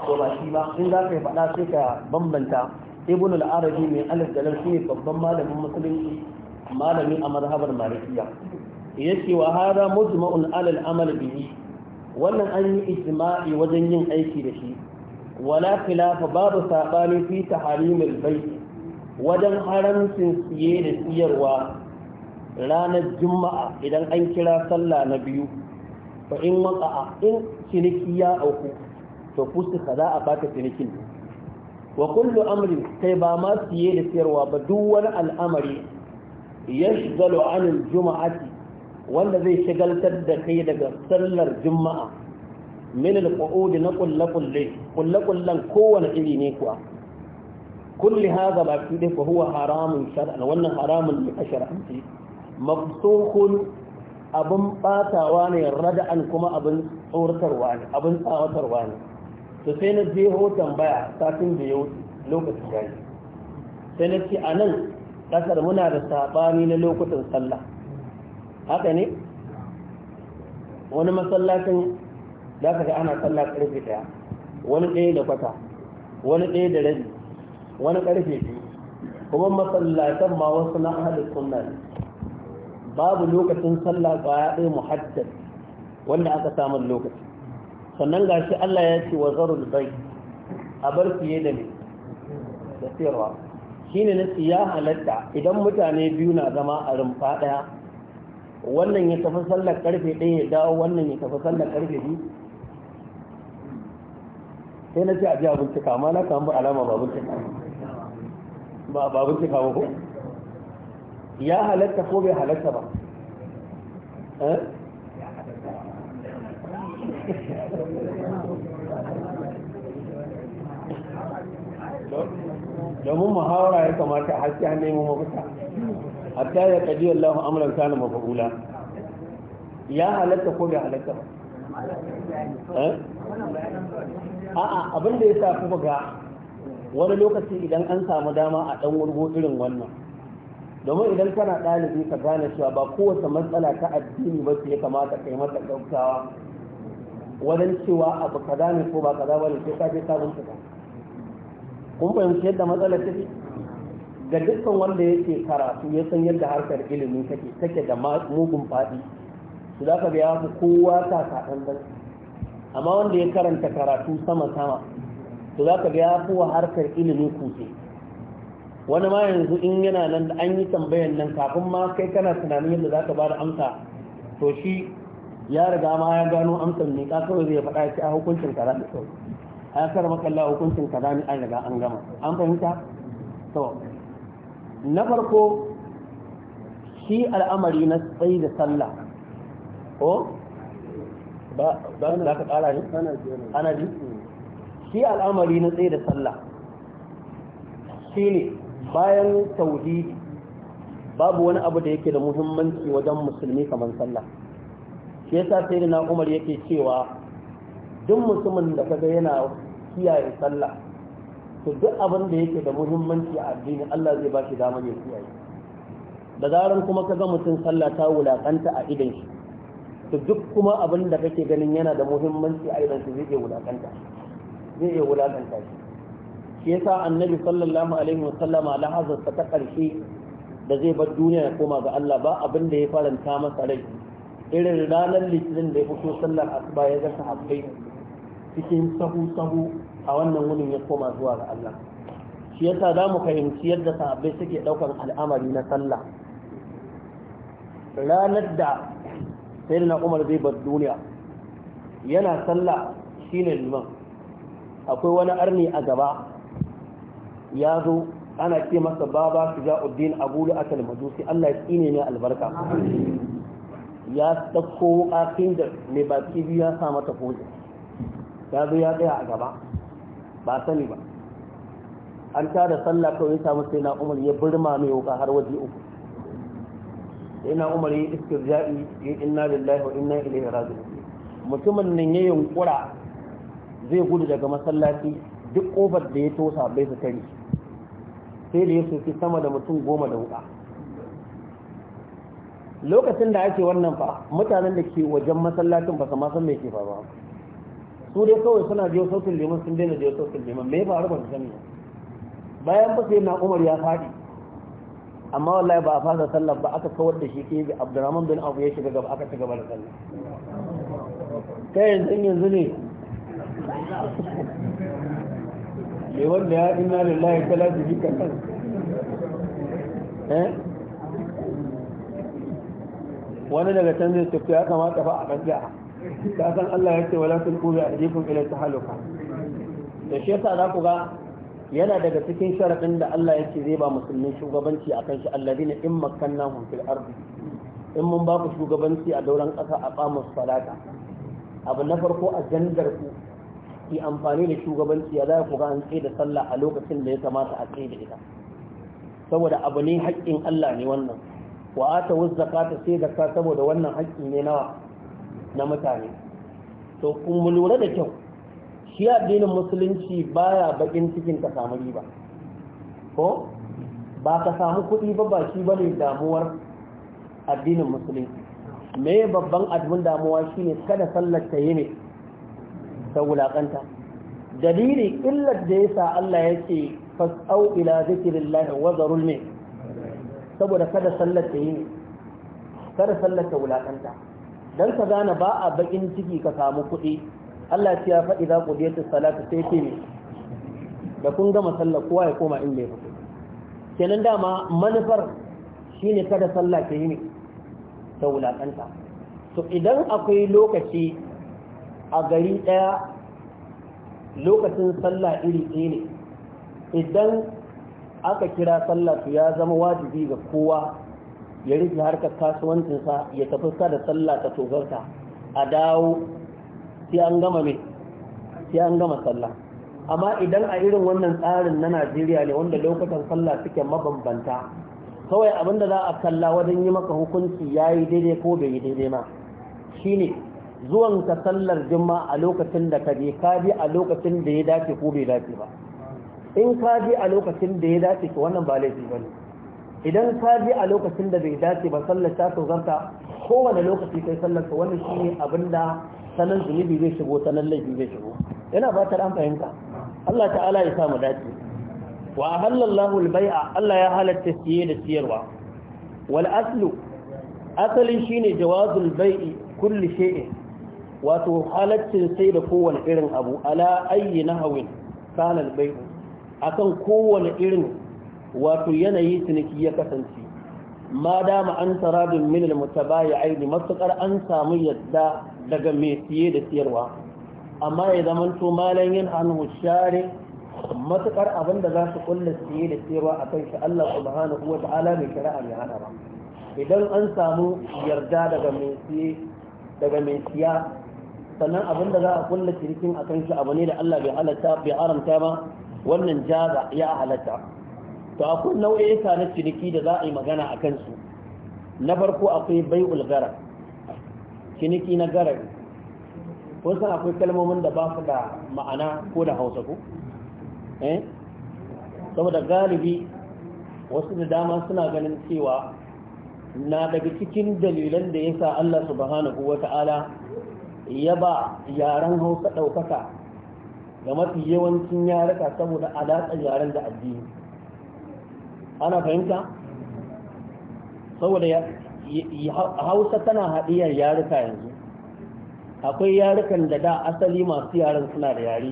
Speaker 1: ko ba shi ba in za ka yi faɗa sai ka bambanta ibn al-arabi mai alif da lam shine babban malamin musulunci malami a mazhabar malikiya yace wa hada mujma'un ala al-amal bihi wannan an yi ijma'i wajen yin aiki da shi wala khilafa babu sabani fi taharim al-bayt wajen haramcin siye da siyarwa ranar juma'a idan an kira sallah na biyu fa in a in ciniki ya auku to ka za a baka cinikin wa kullu amrin kai ba ma siye da siyarwa ba duk wani al'amari yashghalu 'an al-jum'ati wanda zai shagaltar da kai daga sallar juma'a min al na kullakulle kullakullan kowane iri ne kuwa kulli haza ba fi da huwa haramun shar'an wannan haramun ne a shar'anci mafsuhun abin batawa ne rada'an kuma abin tsoratarwa ne abin tsawatarwa ne to sai na je hoton baya satin da ya wuce lokacin gani sai na ce a nan ƙasar muna da saɓani na lokutan sallah haka ne wani masallacin za ka ga ana sallah ƙarfe ɗaya wani ɗaya da kwata wani ɗaya da rabi wani ƙarfe biyu kuma masallatan ma wasu na ahalin sunna ne babu lokacin sallah ya ɗaya muhaddad wanda aka samun lokaci sannan gashi Allah ya ce wa zarul bai a bar fiye da ne da Shi ne na ya halatta idan mutane biyu na zama a rumfa ɗaya wannan ya tafi sallar karfe ɗaya ya dawo wannan ya tafi sallar karfe biyu sai na ce a ji abinci ma na kan bi alama ba bincika ba ba bincika ba ko ya halatta ko bai halatta ba eh? domin muhawara ya kamata haske hannun nemo mafita hatta ya kaji Allah amuran kana mafahula ya halatta ko bai halatta ba
Speaker 2: eh? a'a abinda ya
Speaker 1: sa kuma ga wani lokaci idan an samu dama a ɗan wurgo irin wannan domin idan kana ɗalibi ka gane cewa ba kowace matsala ta addini ba ce ya kamata kai mata gaugawa wajen cewa abu ka gane ko ba kaza ba ne sai ka je ka kuma kun fahimci yadda matsalar take ga dukkan wanda yake karatu ya san yadda harkar ilimi take take da mugun faɗi su za ka biya ku kowa ta saɗan ba amma wanda ya karanta karatu sama sama to za ka biya ku wa harkar ilimi kuke. wani ma yanzu in yana nan da an yi tambayan nan kafin ma kai kana tunanin yadda za ka ba da amsa to shi ya riga ma ya gano amsar ne ka kawai zai faɗa shi a hukuncin kaza da sau a ya kar makalla hukuncin kaza ne an riga an gama an fahimta to na farko shi al'amari na tsayi da sallah ko ba ba za ka ƙara ne ana ji shi al'amari na tsayi da sallah shi ne bayan tauhidi babu wani abu da yake da muhimmanci wajen musulmi kamar sallah shi yasa sai da umar yake cewa duk musulmin da kaga yana kiyaye sallah to duk abin da yake da muhimmanci a addini Allah zai ba shi damar ya kiyaye da zaran kuma kaga mutum sallah ta wulakanta a idan shi to duk kuma abin da kake ganin yana da muhimmanci a idan shi zai wulakanta zai iya wulakanta shi shi yasa annabi sallallahu alaihi wasallama lahazarsa ta ƙarshe da zai bar duniya ya koma ga Allah ba abin da ya faranta masa rai irin ranar litinin da ya fito sallar asuba ya ga sahabbai cikin sahu sahu a wannan wurin ya koma zuwa ga Allah shi yasa za mu fahimci yadda sahabbai suke ɗaukar al'amari na sallah ranar da sai na umar zai bar duniya yana sallah shine liman akwai wani arni a gaba ya zo ana ce masa baba uddin abu da majusi Allah ya tsine ne albarka ya dauko akin da mai ba biyu ya sa mata hoji ya zo ya tsaya a gaba ba sani ba an ta da sallah kawai samun samu sai na umar ya birma mai wuka har waje uku sai na umar ya ja'i ya inna lillahi wa inna ilaihi raji'un mutumin nan ya yunkura zai gudu daga masallaci duk kofar da ya tosa bai su kare sai da ya soki sama da mutum goma da wuka lokacin da ake wannan fa mutanen da ke wajen masallacin ba sama san mai ke faruwa su dai kawai suna jiyo sautin liman sun daina jiyo sautin liman me faru ba su sani bayan ba sai na umar ya faɗi amma wallahi ba a fara sallar ba aka kawar da shi ke bi abdurrahman bin abu ya shiga gaba aka ci gaba da sallar kai yanzu yanzu ne
Speaker 2: mai wanda ya ina lillahi ta lajibi kan kan
Speaker 1: wani daga can zai tafi ya kamata fa a ɗanja ta san Allah ya ce wala sun kuri a jifin ilai ta haluka da shi yasa za ku ga yana daga cikin sharaɗin da Allah ya ce zai ba musulmi shugabanci a kan shi allazi ne in makanna hun fil ardi in mun ba ku shugabanci a dauran ƙasa a ƙamus salata abu na farko a jandar ku ke amfani da shugabanci ya za ku an tsaye da sallah a lokacin da ya kamata a tsaye da ita saboda abu ne haƙƙin Allah ne wannan wa ata ta sai ka saboda wannan haƙƙi ne nawa na mutane to kun mu lura da kyau shi addinin musulunci baya bakin cikin ka samu riba ko ba ka samu kuɗi ba ba shi bane damuwar addinin musulunci me babban abin damuwa shine kada sallar ta yi ne ta wulaƙanta dalili illar da ya sa Allah ya ce fas'au ila zikirin wa zarul ne saboda kada sallar ta yi ne kada sallar ta wulaƙanta don ka gane ba a bakin ciki ka samu kuɗi Allah ya faɗi za ku diyar salatu sai ce ne da kun gama sallar kowa ya koma inda ya fito kenan dama manufar shine kada sallar ta yi ne ta wulaƙanta to idan akwai lokaci a gari ɗaya lokacin sallah iri ɗaya ne idan aka kira sallah su ya zama wajibi ga kowa ya rufe harkar kasuwancinsa ya tafi sa da sallah ta togarta a dawo sai an gama mai sai an gama sallah amma idan a irin wannan tsarin na najeriya ne wanda lokacin sallah suke mabambanta kawai abinda za a kalla wajen yi maka hukunci ya yi daidai ko bai yi daidai ma shine zuwan ka sallar juma a lokacin da ka je ka bi a lokacin da ya dace ko bai dace ba in ka bi a lokacin da ya dace ki wannan ba laifi bane idan ka bi a lokacin da bai dace ba sallar ta so zarta, kowane lokaci kai sallar ka wannan shine abinda sanan zunubi zai shigo sanan laifi zai shigo yana fatar an fahimta Allah ta'ala ya sa mu dace wa halallahu al-bai'a Allah ya halatta siye da siyarwa wal aslu asalin shine jawazul bai'i kulli shay'in wato halaccin sai da kowane irin abu ala na nahawin kanal bai'u akan kowane irin wato yanayi ciniki ya kasance ma dama an taradun min almutabayi'ain masakar an samu yadda daga mai siye da siyarwa amma ya zaman to malan yin hannu share abin da za su kulla siye da siyarwa akan shi Allah subhanahu wata'ala mai shari'a mai hada ba idan an samu yarda daga mai siya sannan abin da za a kulla shirkin a kan shi abu ne da Allah bai halatta bai haramta ba wannan jaza ya halatta to akwai nau'ika na ciniki da za a yi magana a kansu na farko akwai bai'ul gara ciniki na gara ko san akwai kalmomin da ba su da ma'ana ko da hausa ko eh saboda galibi wasu da dama suna ganin cewa na daga cikin dalilan da ya sa Allah subhanahu ya ba yaren hausa ɗaukaka da mafi yawancin yaraka saboda alaƙar yaren da addini ana fahimta saboda hausa tana haɗiyar yaruka yanzu akwai yarukan da da asali masu yaren suna da yare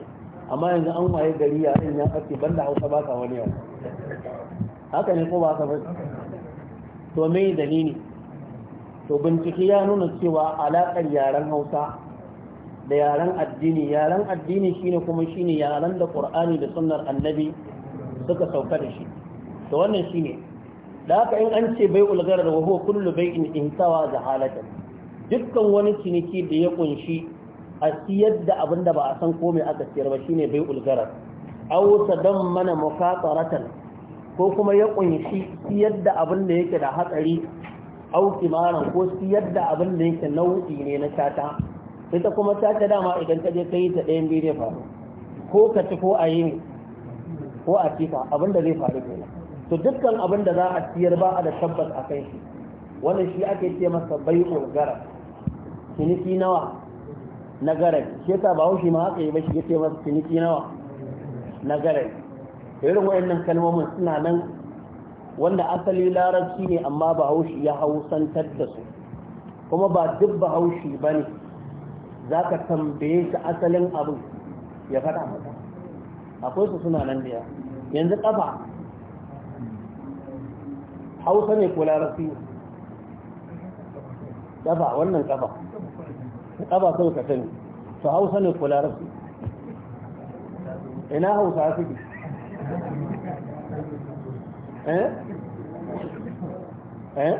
Speaker 1: amma yanzu an waye gari yaren ya ban banda hausa ba ka wani yau haka ne ko ba ka bai to mai dalili to bincike ya nuna cewa alaƙar yaren hausa da yaren addini yaren addini shine kuma shine yaren da qur'ani da sunnar annabi suka sauka da shi to wannan shine da haka in an ce bai ulgarar wa huwa kullu bai'in intawa zahalatan dukkan wani ciniki da ya kunshi a siyar da abin da ba a san komai aka siyar ba shine bai ulgarar aw mana muqataratan ko kuma ya kunshi siyar da abin da yake da hatsari aw kimaran ko siyar da abin da yake nau'i ne na tata ita kuma ta ta dama idan ta je kai ta ɗayan biyu zai faru ko ka ci ko a yi ko a cifa abin da zai faru kenan to dukkan abin da za a siyar ba a da tabbas a kai shi wannan shi ake ce masa bai garar ciniki nawa na garar shi ta ba haushi ma haka yi ba shi ya ce masa ciniki nawa na garar irin wayannan kalmomin suna nan wanda asali larabci ne amma ba haushi ya hausantar da su kuma ba duk ba haushi ba ne za ka tambaye shi asalin abin ya faɗa maka akwai su suna nan da yanzu ƙafa hausa ne ko larabci ƙafa wannan ƙafa ƙafa sun ka sani su hausa ne ko larabci ina hausa ke
Speaker 2: eh eh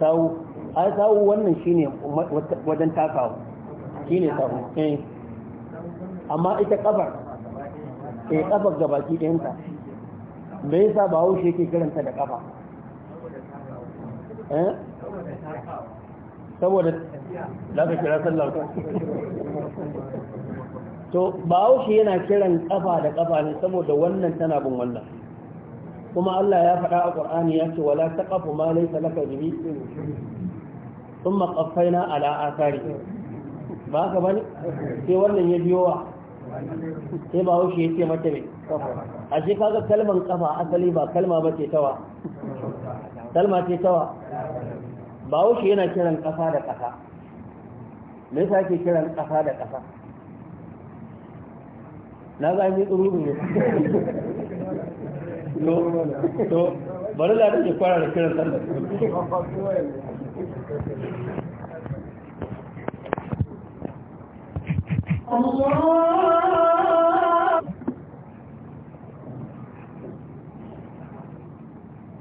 Speaker 1: sau ai sawu wannan shine wajen takawa shine sawu eh amma ita kafar eh kafar ɗayan ɗayanta me yasa ba shi yake kiranta da kafa eh saboda za ka kira sallar ta to ba shi yana kiran kafa da kafa ne saboda wannan tana bin wannan kuma Allah ya faɗa a ƙwar'ani ya ce wala ta ƙafu ma laifin laka bihi sun makafai na ala'akari ba ka bane sai wannan ya biyo wa sai ba haushe ya ce mata mai a ce kaga kalman kafa asali ba kalma ba ce tawa
Speaker 2: kalma ce tawa
Speaker 1: ba haushe yana kiran kasa da kasa me yasa ke kiran kasa da kasa na ga ni tsuru ne
Speaker 2: to bari la da ke fara da kiran sallah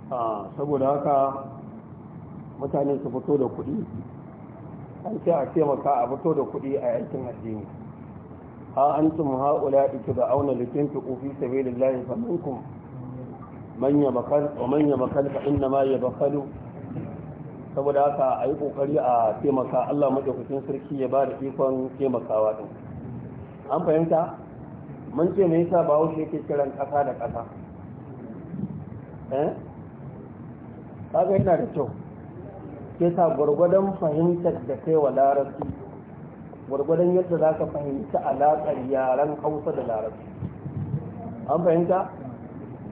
Speaker 1: Ah, saboda haka mutane su fito da kuɗi an ce a taimaka a fito da kuɗi a yankin addini ha an tum ha'ula ita da auna likin fi ƙofi sabi lillahi fa minkum manya bakal wa fa inna ma ya bakalu saboda haka a yi ƙoƙari a taimaka allah maɗaukacin sarki ya ba da ikon taimakawa ɗin an fahimta mun ce me yasa ba wuce yake kiran ƙasa da ƙasa eh kaga yana da kyau ke sa gwargwadon fahimtar da kai wa larabci gwargwadon yadda za ka fahimci alaƙar yaren hausa da larabci an fahimta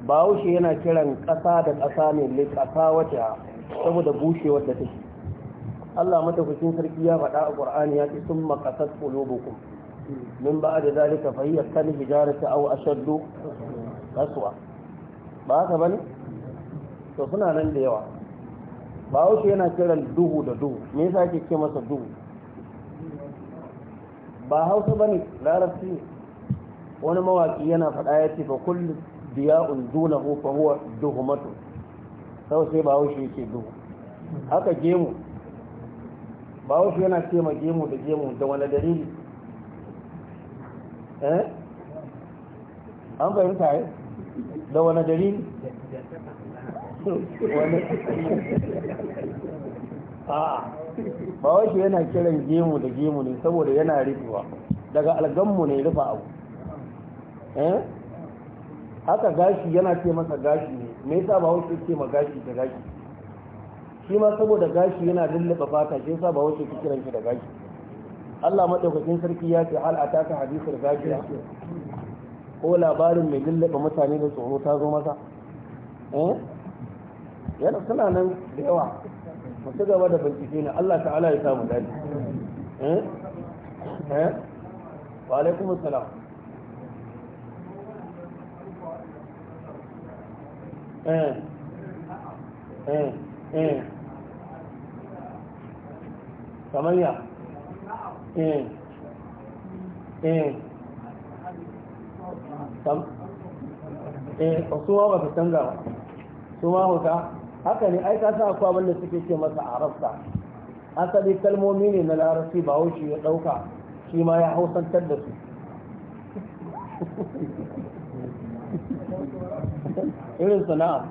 Speaker 1: bahaushe yana kiran ƙasa da ƙasa ne le ƙasa wata saboda bushe wadda take Allah matafikin sarki ya faɗa a ƙur'ani ya ce sun makasar ƙulubukun من بعد ذلك فهي كالهجارة أو أشد قسوة ba haka bane to suna nan da yawa ba yana kiran duhu da duhu me yasa ake masa duhu ba hausa bane larabci ne wani mawaki yana faɗa ya ce fa kullu diya'un dunahu fa huwa duhumatu sau sai ba wuce duhu haka gemu ba yana ce gemu da gemu da wani dalili eh an fahimta ya da wani dalili wani a ba wai yana kiran gemu da gemu ne saboda yana rufewa daga alganmu ne rufa abu eh? haka gashi yana ce masa gashi ne me saba ba wasu ce ma gashi da gashi shi ma saboda gashi yana lullaba fata shi saba wasu ke kiran shi da gashi Allah madaukakin sarki ya ce hal ataka hadithul ghashiya ko labarin mai lullaba mutane da tsoro ta zo masa eh yana suna nan da yawa mu gaba da bincike ne Allah ta'ala ya samu dadi eh eh wa alaikum assalam
Speaker 2: eh eh eh
Speaker 1: kamar ya eh su ma ba su canza ba su ma haka ne ai ka sa akwai abin da suke ce masa a rasta asali kalmomi ne na larasi ba haushi ya dauka shi ma ya hausantar da su irin sana'a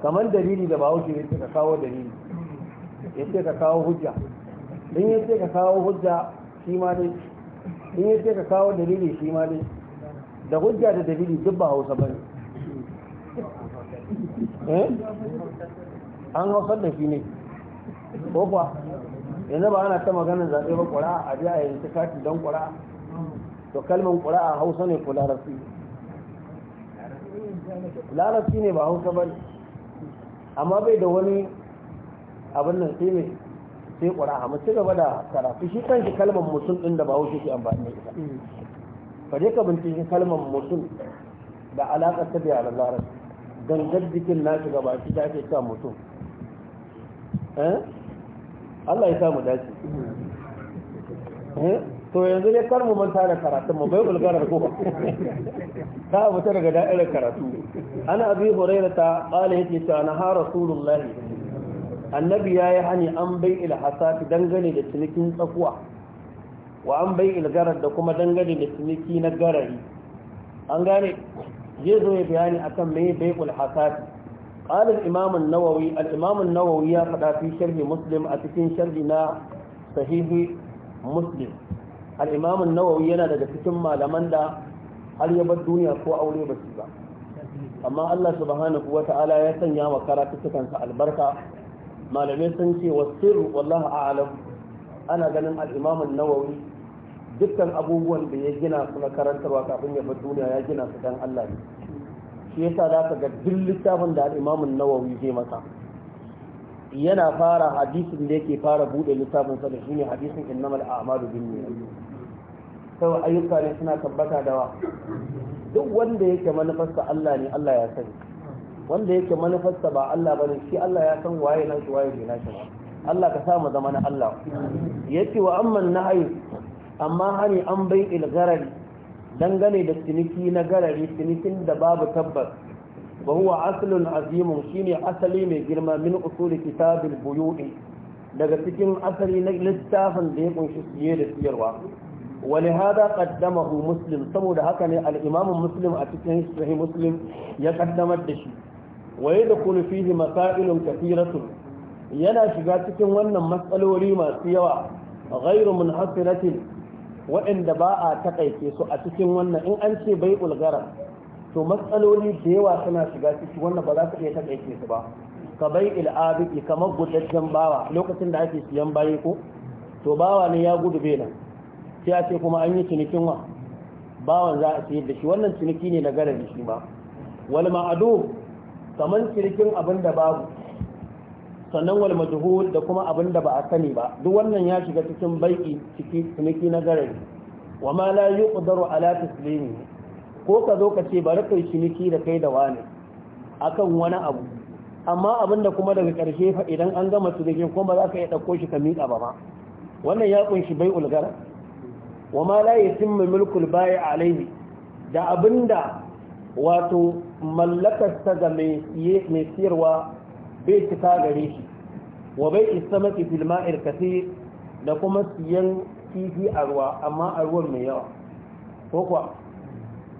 Speaker 1: kamar dalili da ba haushi ya ce ka kawo dalili ya ce ka kawo hujja in ya ce ka kawo hujja shi ma dai in ya ce ka kawo dalili shi ma dai da hujja da dalili duk ba hausa ba ne eh? an hausa da shi ne ko kuwa yanzu ba ana ta maganin zaɓe ba kura a ji a yanzu kati don kura to kalmar kura a hausa ne ko larabci larabci ne ba hausa ba ne amma bai da wani abin nan sai mai sai ƙura'a mu ci gaba da karatu shi shi kalmar mutum ɗin da bahaushe shi amfani da ita ka je ka binciki kalmar mutum da alaƙar ta da lalara gangar jikin nasu gaba shi da ake sa mutum eh? Allah ya sa mu dace eh? to yanzu ne kar mu manta da karatun mu bai bulgarar ko ta abu ta daga da'irar karatu ana abi hurairah ta qala yake ta na ha rasulullahi annabi ya yi hannu an bai ilhasafi dangane da cinikin tsakuwa wa an bai ilgarar da kuma dangane da ciniki na garari an gane ya zo ya bayani a kan mai bai ilhasafi ƙalin imamun nawawi ya faɗa fi sharhi muslim a cikin sharhi na sahihi muslim al'imamun nawawi yana daga cikin malaman da har ya bar duniya ko aure ba su ba amma allah subhanahu wa ta'ala ya sanya wa karatu cikinsa albarka malamai sun ce wa sirru wallahu a'lam ana ganin al-imam an-nawawi dukkan abubuwan da ya gina su na karantarwa kafin ya bar duniya ya gina su dan Allah ne shi yasa za ka ga duk littafin da al-imam an-nawawi zai masa yana fara hadisin da yake fara bude littafin sa da shine hadisin innamal a'malu binniyat sau ayyuka ne suna tabbata da wa duk wanda yake manufarsa Allah ne Allah ya sani wanda yake manufarsa ba Allah bane shi Allah ya san waye nan su waye ne shi Allah ka samu mu na Allah yace wa amman nahyi amma hani an bai ilgarari dangane da ciniki na garari cinikin da babu tabbas wa huwa aslun shine asali mai girma min usul kitabil buyu'i daga cikin asali na littafin da ya kunshi siye da siyarwa wani hada kaddamahu muslim saboda haka ne al'imamin muslim a cikin sahih muslim ya kaddamar da shi wa da fihi masailun kathiratun yana shiga cikin wannan matsaloli masu yawa mun munhasiratin waɗanda ba a takaice su a cikin wannan in an ce bai ulgara to matsaloli da yawa suna shiga ciki wannan ba za su iya takaice su ba ka bai il'abiki kamar gudajjen bawa lokacin da ake siyan bayi ko to bawa ne ya gudu bai nan sai a ce kuma an yi cinikin wa bawan za a siyar da shi wannan ciniki ne na gara da shi ba wal ma'adu kamar kirkin abin da babu sannan wal majhul da kuma abin da ba a sani ba duk wannan ya shiga cikin baiki ciki ciniki na garari wa ma la yuqdaru ala taslimi ko ka zo ka ce bari kai ciniki da kai da wani akan wani abu amma abin da kuma daga ƙarshe fa idan an gama cinikin kuma za ka iya dauko shi ka miƙa ba ma wannan ya kunshi bai ulgar wa ma la yatimmu mulkul bai'i alayhi da abinda wato mallakarsa ga mai siyarwa bai cika gare shi wa bai mafi filma kasir da kuma siyan kifi a ruwa amma a ruwan mai yawa ko kuwa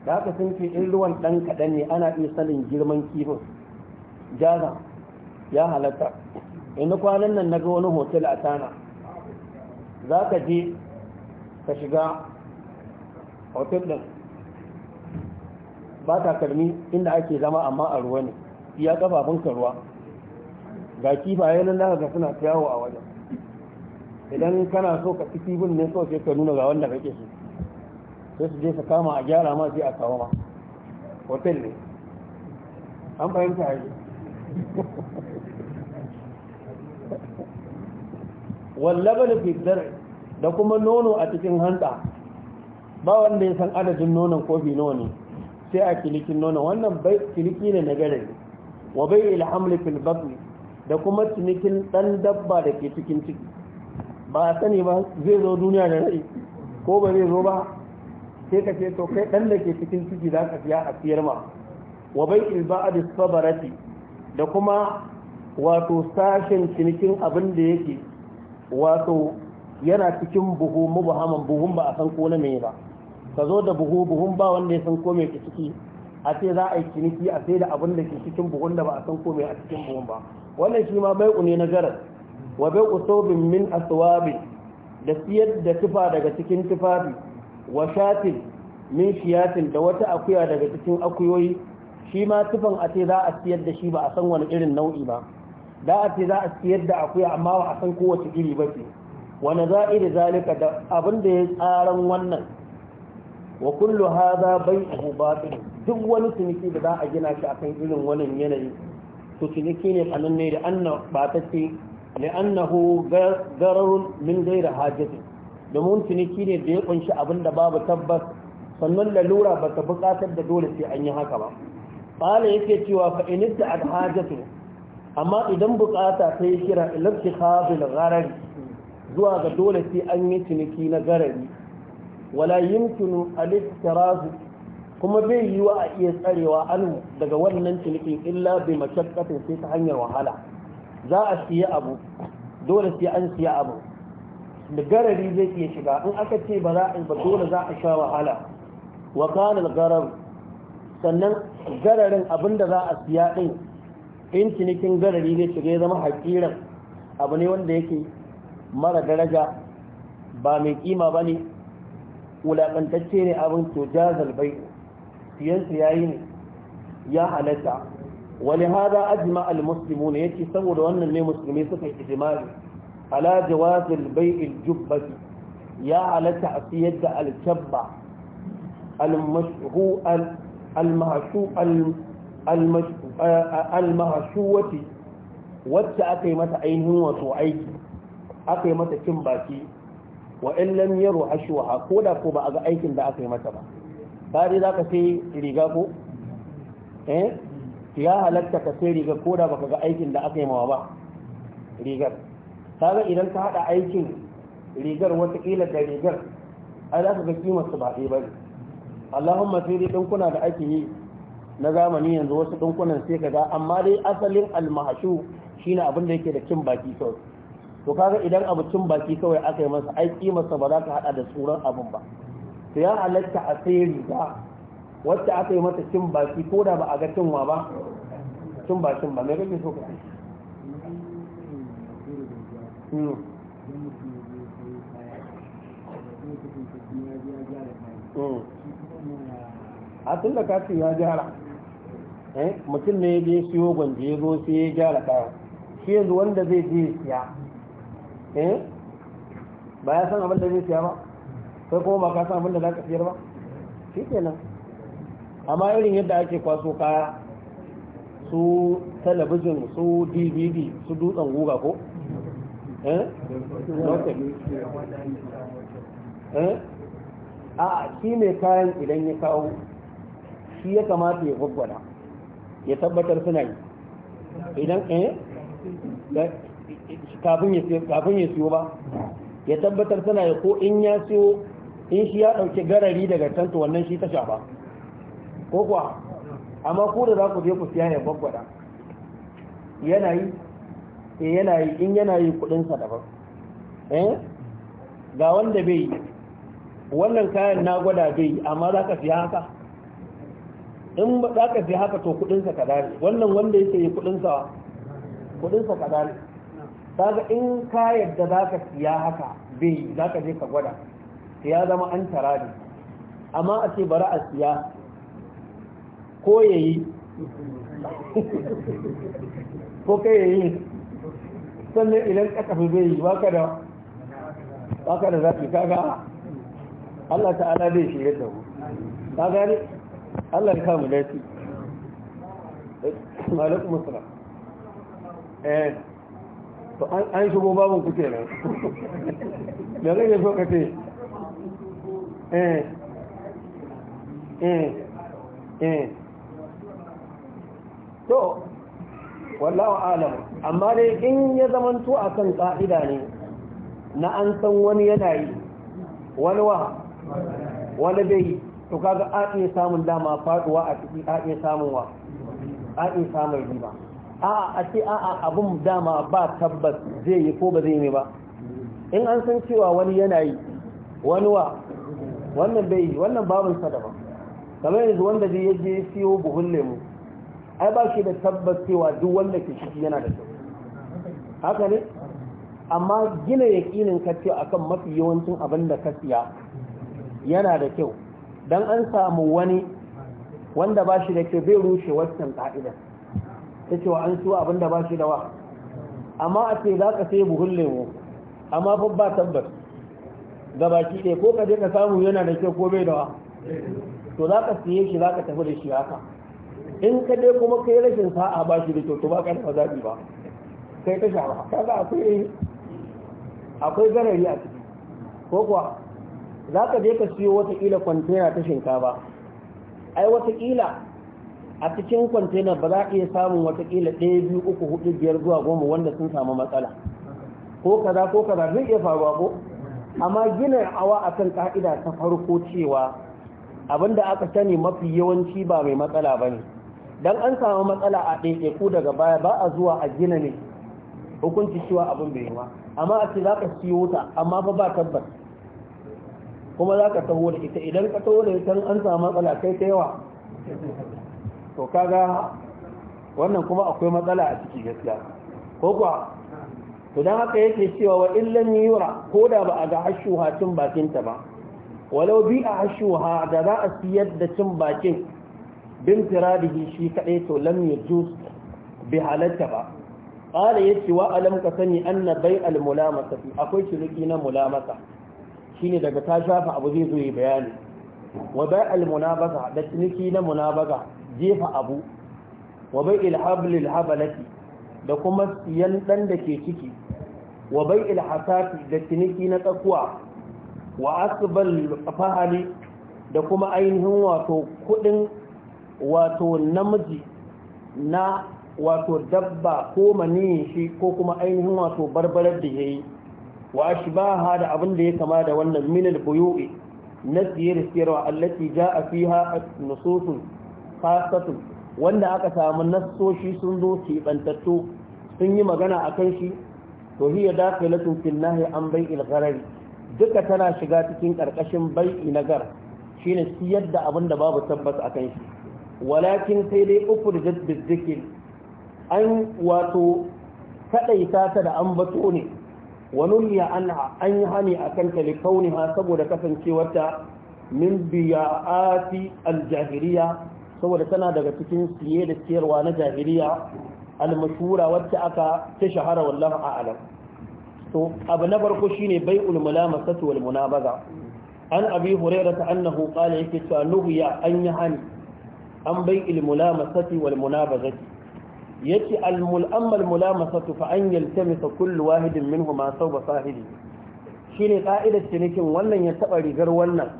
Speaker 1: da aka sun ce in ruwan ɗan kaɗan ne ana iya sanin girman kifin jaza ya halatta inda kwanan nan na ga wani hotel a tana za ka je ka shiga hotel ɗin ba takalmi inda ake zama amma a ruwa ne iya kafafunka ruwa ga ya nan zaka ga suna yawo a wajen idan kana so ka fi kifin ne so sai ka nuna ga wanda kake so sai su je su kama a gyara ma sai a kawo ma hotel ne an fahimta a yi wallaban fitar da kuma nono a cikin hanta ba wanda ya san adadin nonon kofi nawa ne sai a cinikin nono wannan bai ciniki ne na gare wa bai ilhamli fil batni da kuma cinikin dan dabba da ke cikin ciki ba a sani ba zai zo duniya da rai ko ba zai zo ba sai ka ce to kai dan da ke cikin ciki za ka siya a siyar ma wa bai ilba'ad sabarati da kuma wato sashen cinikin abin da yake wato yana cikin buhu mubahaman buhun ba a san ko na me ba ka zo da buhu buhun ba wanda ya san kome mai ke ciki a ce za a yi ciniki a sai da abin da ke cikin buhun da ba a san kome a cikin buhun ba wannan shi ma bai ne na garar wa bai sobin min aswabi da siyar da tufa daga cikin tufafi wa shatin min shiyatin da wata akuya daga cikin akuyoyi shi ma tufan a ce za a siyar da shi ba a san wani irin nau'i ba da a ce za a siyar da akuya amma ba a san kowace iri ba ce wani za'iri zalika da abin da ya tsaron wannan wa kullu hadha bai'u batil duk wani tuniki da za a gina shi akan irin wannan yanayi to tuniki ne kananne da anna batacce li'annahu gararun min ghairi hajati domin tuniki ne da ya kunshi abin da babu tabbas sannan lalura ba ta bukatar da dole sai an yi haka ba qala yake cewa fa inidda al hajatu amma idan bukata ta yi kira ilabtikhabil gharari zuwa ga dole sai an yi ciniki na garari wala yumkinu al-iftirazu kuma bai yi wa a iya tsarewa anu daga wannan cinikin illa bi sai ta hanyar wahala za a siya abu dole sai an siya abu da garari zai iya shiga in aka ce ba za a ba dole za a sha wahala wa kana al-garar sannan gararin abinda za a siya din in cinikin garari zai shiga zama hakiran abu ne wanda yake mara daraja ba mai kima bane wulaƙantacce ne abin to jazal bai siyansu ya yi ne ya halatta wani hada ajima al-muslimu ne yake saboda wannan ne musulmi suka yi ijimari ala jawazil bai'il jubbati ya halatta a siyar da al-jabba al-mahashuwati eh, wacce aka yi mata ainihin wato aiki aka yi mata cin baki wa in lam yaru ashwaha ko da ko ba a ga aikin da aka yi mata ba ba dai ka sai riga ko eh ya halatta ka sai riga ko da ka ga aikin da aka yi mawa ba rigar ta ga idan ka haɗa aikin rigar wata kila da rigar ai za ka ga kimar su ba dai bane Allahumma sai dai dinkuna da ake yi na zamani yanzu wasu dinkunan sai ka ga amma dai asalin almahashu shine abin da yake da kin baki sosai to kaga idan abu cin baki kawai aka yi masa aiki masa ba za ka hada da tsoron abin ba to ya halatta a sai riga wacce aka yi mata cin baki ko da ba a ga cinwa ba cin bakin ba mai kake so ka hmm. Hmm. a tun da kafin ya gyara eh, mutum ne ya je siyo gwanje ya zo sai ya gyara kaya shi yanzu wanda zai je siya eh ba ya san abin da zai siya ba sai kuma ba ka san abin da za ka siyar ba shi kenan amma irin yadda ake kwaso kaya su talabijin su dvd su dutsen guga ko eh, eh? a shi mai kayan idan ya kawo shi ya kamata ya gwaggwada ya tabbatar suna yi idan eh kafin ya kafin ya siyo ba ya tabbatar tana ya ko in ya siyo in shi ya dauke garari daga tantu wannan shi ta shafa ko kuwa amma ko da za ku je ku siya ya gwaggwada yana yi eh yana yi in yana yi kudin sa daban eh ga wanda bai wannan kayan na gwada bai amma za ka siya haka in ba za ka siya haka to kudin sa kadare wannan wanda yake yi kudin sa kudin sa kaga in ka yadda za ka siya haka bai za ka je ka gwada ya zama an tara ne amma a ce bari a siya ko ya yi ko ka ya yi sannan idan ƙasafi zai yi baka
Speaker 2: da
Speaker 1: da zafi kaga Allah ta'ala zai shirya da mu ta gani Allah ya kamu da shi musulun eh to an shigo babin ku kenan da zai so ka ce eh eh eh to wallahu alam amma dai in ya zamanto akan ka'ida ne na an san wani yana yi wani wa wani bai to kaga a iya samun dama faduwa a ciki a iya samun wa a iya samun riba A'a, a ce a a abin dama ba tabbas zai yi ko ba zai yi ba in an san cewa wani yana yi wani wa wannan bai yi wannan babin sa kamar yanzu wanda zai ya je siyo buhun lemu ai ba shi da tabbas cewa duk wanda ke ciki yana da kyau haka ne amma gina yaƙinin ka ce kan mafi yawancin abin da ka siya yana da kyau don an samu wani wanda ba shi da kyau bai rushe wancan ƙa'idar ta ce wa an abin abinda ba shi da wa amma a ce za ka sai buhun lemu amma fa ba tabbas ga baki ɗaya ko ka je ka samu yana da kyau ko bai da wa to za ka siye shi za ka tafi da shi haka in ka dai kuma kai rashin sa'a ba shi da kyau to ba ka da zaɓi ba kai ta shawa kaga akwai akwai garari a ciki ko kuwa za ka je ka siyo watakila kwantena ta shinkafa ai watakila a cikin kwantena ba za a iya samun watakila ɗaya biyu uku hudu biyar zuwa goma wanda sun samu matsala ko kaza ko kaza zai iya faruwa ko amma gina awa akan ka'ida ta farko cewa abinda aka sani mafi yawanci ba mai matsala ba ne don an samu matsala a ku daga baya ba a zuwa a gina ne hukunci cewa abin bai ma amma a ce za ka siyo ta amma fa ba tabbas kuma za ka taho da ita idan ka taho da ita an samu matsala kai ta yawa to kaga wannan kuma akwai matsala a ciki gaskiya ko kuwa to dan haka yake cewa wa illan yura ko da ba a ga hashuha cin bakin ta ba walau bi a hashuha da za a siyar da cin bakin bin tiradihi shi kadai to lam yajuz bi halatta ba qala yace wa alam ka sani anna bai al mulamasa akwai ciniki na mulamasa shine daga ta shafa abu zai zo yi bayani wa bai al da ciniki na munabaza jefa abu wa bai ilhablil habalati da kuma siyan dan da ke ciki wa bai ilhasati da ciniki na tsakuwa wa asbal fahali da kuma ainihin wato kudin wato namiji na wato dabba ko maniyin shi ko kuma ainihin wato barbarar da ya yi wa shi ba da abin da ya kama da wannan minal buyu'i na siyar siyarwa allati ja a fi ha fasatu wanda aka samu nasoshi sun zo su bantattu sun yi magana a kan shi to hiya dakhilatun fil nahi an bai gharari duka tana shiga cikin ƙarƙashin bai na gar ne siyar da abin da babu tabbas akan shi walakin sai dai da bizikir an wato kaɗai ta da an bato ne wa ya an yi hani akan ta ha saboda kasancewarta min biya'ati aljahiriya saboda tana daga cikin siye da siyarwa na jahiliya almashura wacce aka ta shahara wallahu a'lam to abu na farko shine bai'ul mulamasatu wal munabaza an abi hurairata annahu qala yake cewa nuhiya an yahani an bai'il mulamasati wal munabazati yace al mulammal mulamasatu fa an yaltamisa kullu wahidin minhuma sawba sahibi shine ka'idar cinikin wannan ya taba rigar wannan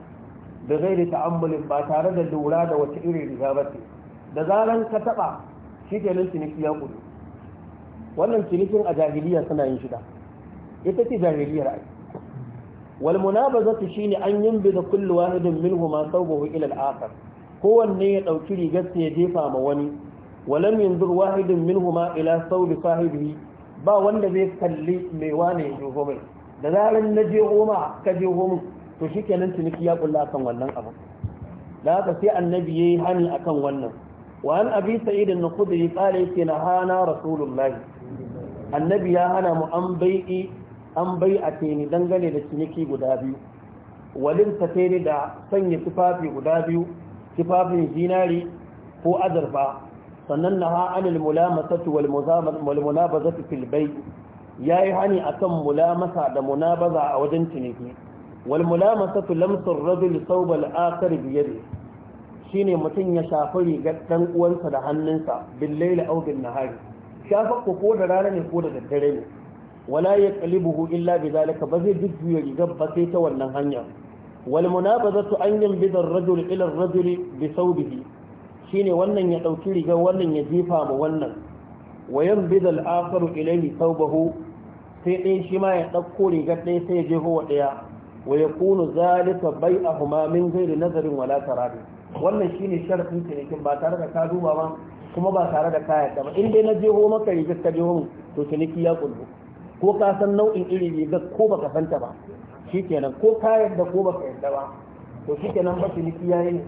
Speaker 1: da gairi ta'ammulin ba tare da lura da wata irin riga ba ce da zaran ka taɓa shi ciniki ya kudu wannan cinikin a jahiliya suna yin shida ita ce jahiliyar ai wal munabazatu shine an yinbiza kullu wahidin minhuma thawbahu ila al-akhar kowanne ya ɗauki rigar sa ya jefa ma wani walam yanzur wahidin minhuma ila da sahibihi ba wanda zai kalli mai wane ya mai da zaran na jeho ma ka jeho mun to shi kenan ciniki ya kulla akan wannan abu da haka sai annabi ya yi hani akan wannan wa an abi na an khudri qala yake na hana rasulullah annabi ya hana mu an bai'i an bai'ate ni dangane da ciniki guda biyu walin ta sai da sanya tufafi guda biyu tufafin zinari ko azurfa sannan na ha'anil mulamasatu wal munabazatu fil bai yayi hani akan mulamasa da munabaza a wajen ciniki wal mulamasatu lamsu ar-rajul biyar al-akhar bi shine ya shafi rigar dan uwansa da hannunsa bil layli na hari. nahari ko da rana ne ko da daddare ne wala buhu illa bi zalika ba zai jujjuya rigar ba sai ta wannan hanya wal munabazatu an yanbida ar-rajul ila rajul bi thawbihi shine wannan ya dauki rigar wannan ya jefa ma wannan wa yanbida al-akharu ilayhi thawbahu sai ɗaya shi ma ya ɗauko rigar ɗaya sai ya jeho wa ɗaya ويكون ذلك بيعهما من غير نظر nazarin wala wannan shine sharadin cinikin ba tare da ka duba ba kuma ba tare da kayan ba in dai na ho maka rigar ka jeho to ciniki ya kullu ko ka san nau'in iri rigar ko baka santa ba shikenan ko ka yarda ko baka yarda ba to shikenan ba ciniki ya yi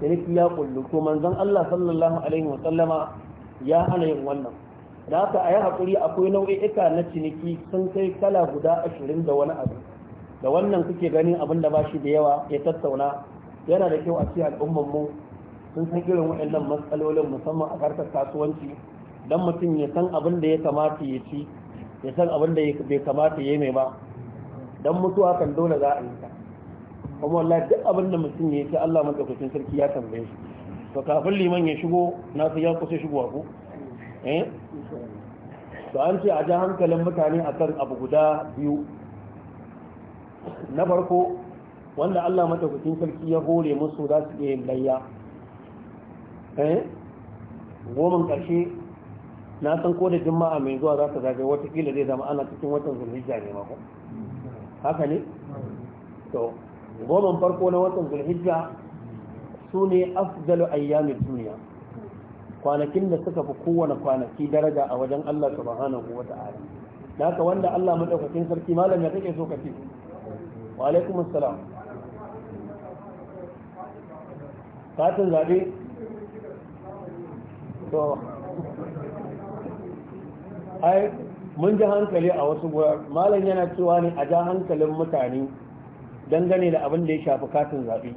Speaker 1: ciniki ya kullu to manzon Allah sallallahu alaihi wa sallama ya hana yin wannan da haka a yi haƙuri akwai nau'i'ika na ciniki sun kai kala guda ashirin da wani abu da wannan kuke ganin abin da ba shi da yawa ya tattauna yana da kyau a ce al'ummarmu sun san irin waɗannan matsalolin musamman a harkar kasuwanci don mutum ya san abin da ya kamata ya ci ya san abin da bai kamata ya mai ba don mutuwa kan dole za a yi ta kuma wallahi duk abin da mutum ya ci Allah madaukakin sarki ya tambaye shi to kafin liman ya shigo na su ya kusa shigowa ku eh to an ce a ji hankalin mutane akan abu guda biyu na farko wanda Allah madaukakin sarki ya hore musu za su iya yin layya eh goman ƙarshe na san ko da juma'a mai zuwa za ta zagaye watakila zai zama ana cikin watan zulhijja ne mako haka ne to goman farko na watan zulhijja su ne afdalu ayyamin duniya kwanakin da suka fi kowane kwanaki daraja a wajen Allah subhanahu wa ta'ala haka wanda Allah madaukakin sarki malam ya kake so ka ce wa alaikum assalam
Speaker 2: katin zaɓe to ai
Speaker 1: mun ji hankali a wasu malam yana cewa ne a ja hankalin mutane dangane da abin da ya shafi katin zaɓe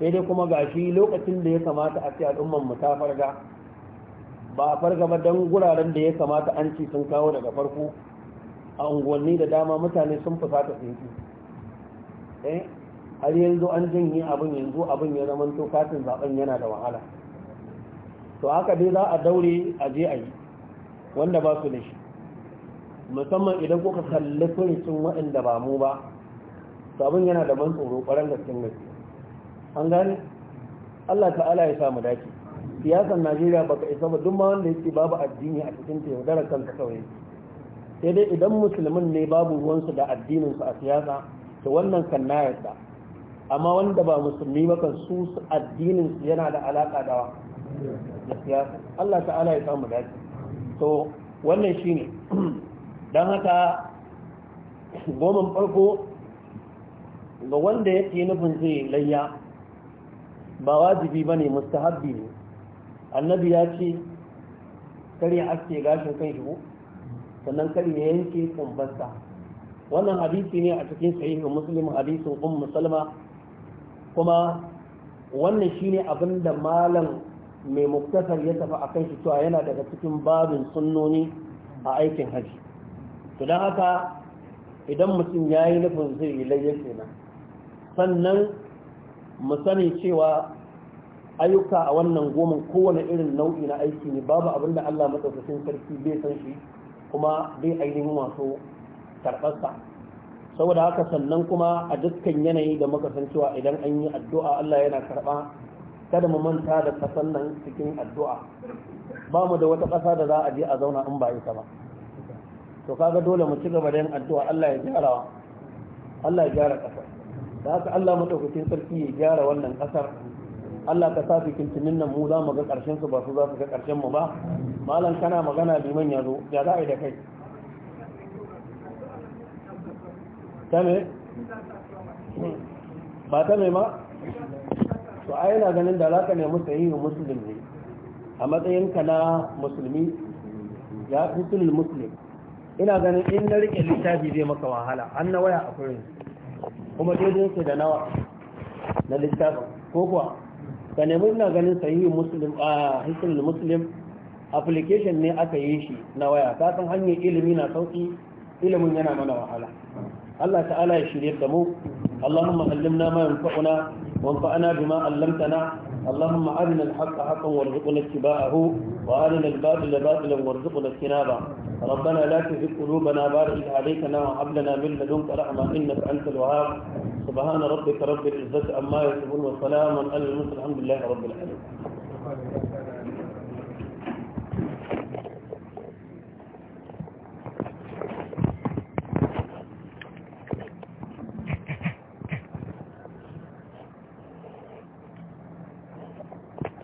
Speaker 1: sai dai kuma gashi lokacin da ya kamata a ce al'umman mu ta farga ba a farga don guraren da ya kamata an ci sun kawo daga farko a unguwanni da dama mutane sun fusata tsinki Eh? har yanzu an janye abin yanzu abin ya zama to katin zaben yana da wahala to haka dai za a daure a je a yi wanda ba su da shi musamman idan kuka kalli furicin waɗanda ba mu ba abin yana da ban tsoro ƙwarar gaskin gaske an gane Allah ta'ala ya samu dace siyasar Najeriya baka isa ba duk ma wanda yake babu addini a cikin ta yaudarar kanka kawai sai dai idan musulmin ne babu ruwansu da addininsu a siyasa to wannan kan na yarda amma wanda ba musulmi ba kan su addinin yana da alaka da da siyasa Allah ta'ala ya samu dace to wannan shine dan haka goman farko ga wanda yake nufin zai layya ba wajibi bane mustahabbi ne annabi ya ce kare aske gashin kan shi sannan kare ya yanke kumbarsa wannan hadisi ne a cikin sahihin muslim hadisin um salma kuma wannan shine abin da malam mai muktasar ya tafi akan shi cewa yana daga cikin babin sunnoni a aikin haji to don haka idan mutum ya yi nufin zai yi layya na sannan mu sani cewa ayyuka a wannan goma kowane irin nau'i na aiki ne babu abin da Allah matsaukakin sarki bai san shi kuma bai ainihin wato karɓarsa saboda haka sannan kuma a dukkan yanayi da muka san cewa idan an yi addu'a Allah yana karɓa kada mu manta da kasan nan cikin addu'a ba mu da wata ƙasa da za a je a zauna in ba ita ba to kaga dole mu ci gaba da yin addu'a Allah ya gyara Allah ya gyara ƙasar da haka Allah madaukakin sarki ya gyara wannan ƙasar Allah ka sa tunin nan mu za mu ga ƙarshen su ba su za su ga ƙarshen mu ba malam kana magana liman ya zo ya za a yi da kai ta ba ta me ma to a yana ganin da ne nemi sahihin muslim ne a matsayin ka na musulmi ya hutulul musulmi, ina ganin in na riƙe littafi zai maka wahala an na waya a kurin kuma daidai sai da nawa na littafin ko kuwa ka nemi ina ganin sahihin muslim a hutulul muslim application ne aka yi shi na waya ta san hanyar ilimi na sauki ilimin yana mana wahala Allah ta'ala ya shirya ta mu Allahumma allimna ma yanfa'una wa anfa'na bima 'allamtana Allahumma arina al-haqqa haqqan warzuqna ittiba'ahu wa arina al-batila batilan warzuqna ijtinaba ربنا لا تزغ قلوبنا بعد إذ هديتنا وهب لنا من لدنك رحمة إنك أنت الوهاب سبحان ربك رب العزة عما يصفون وسلام على المرسلين الحمد لله رب العالمين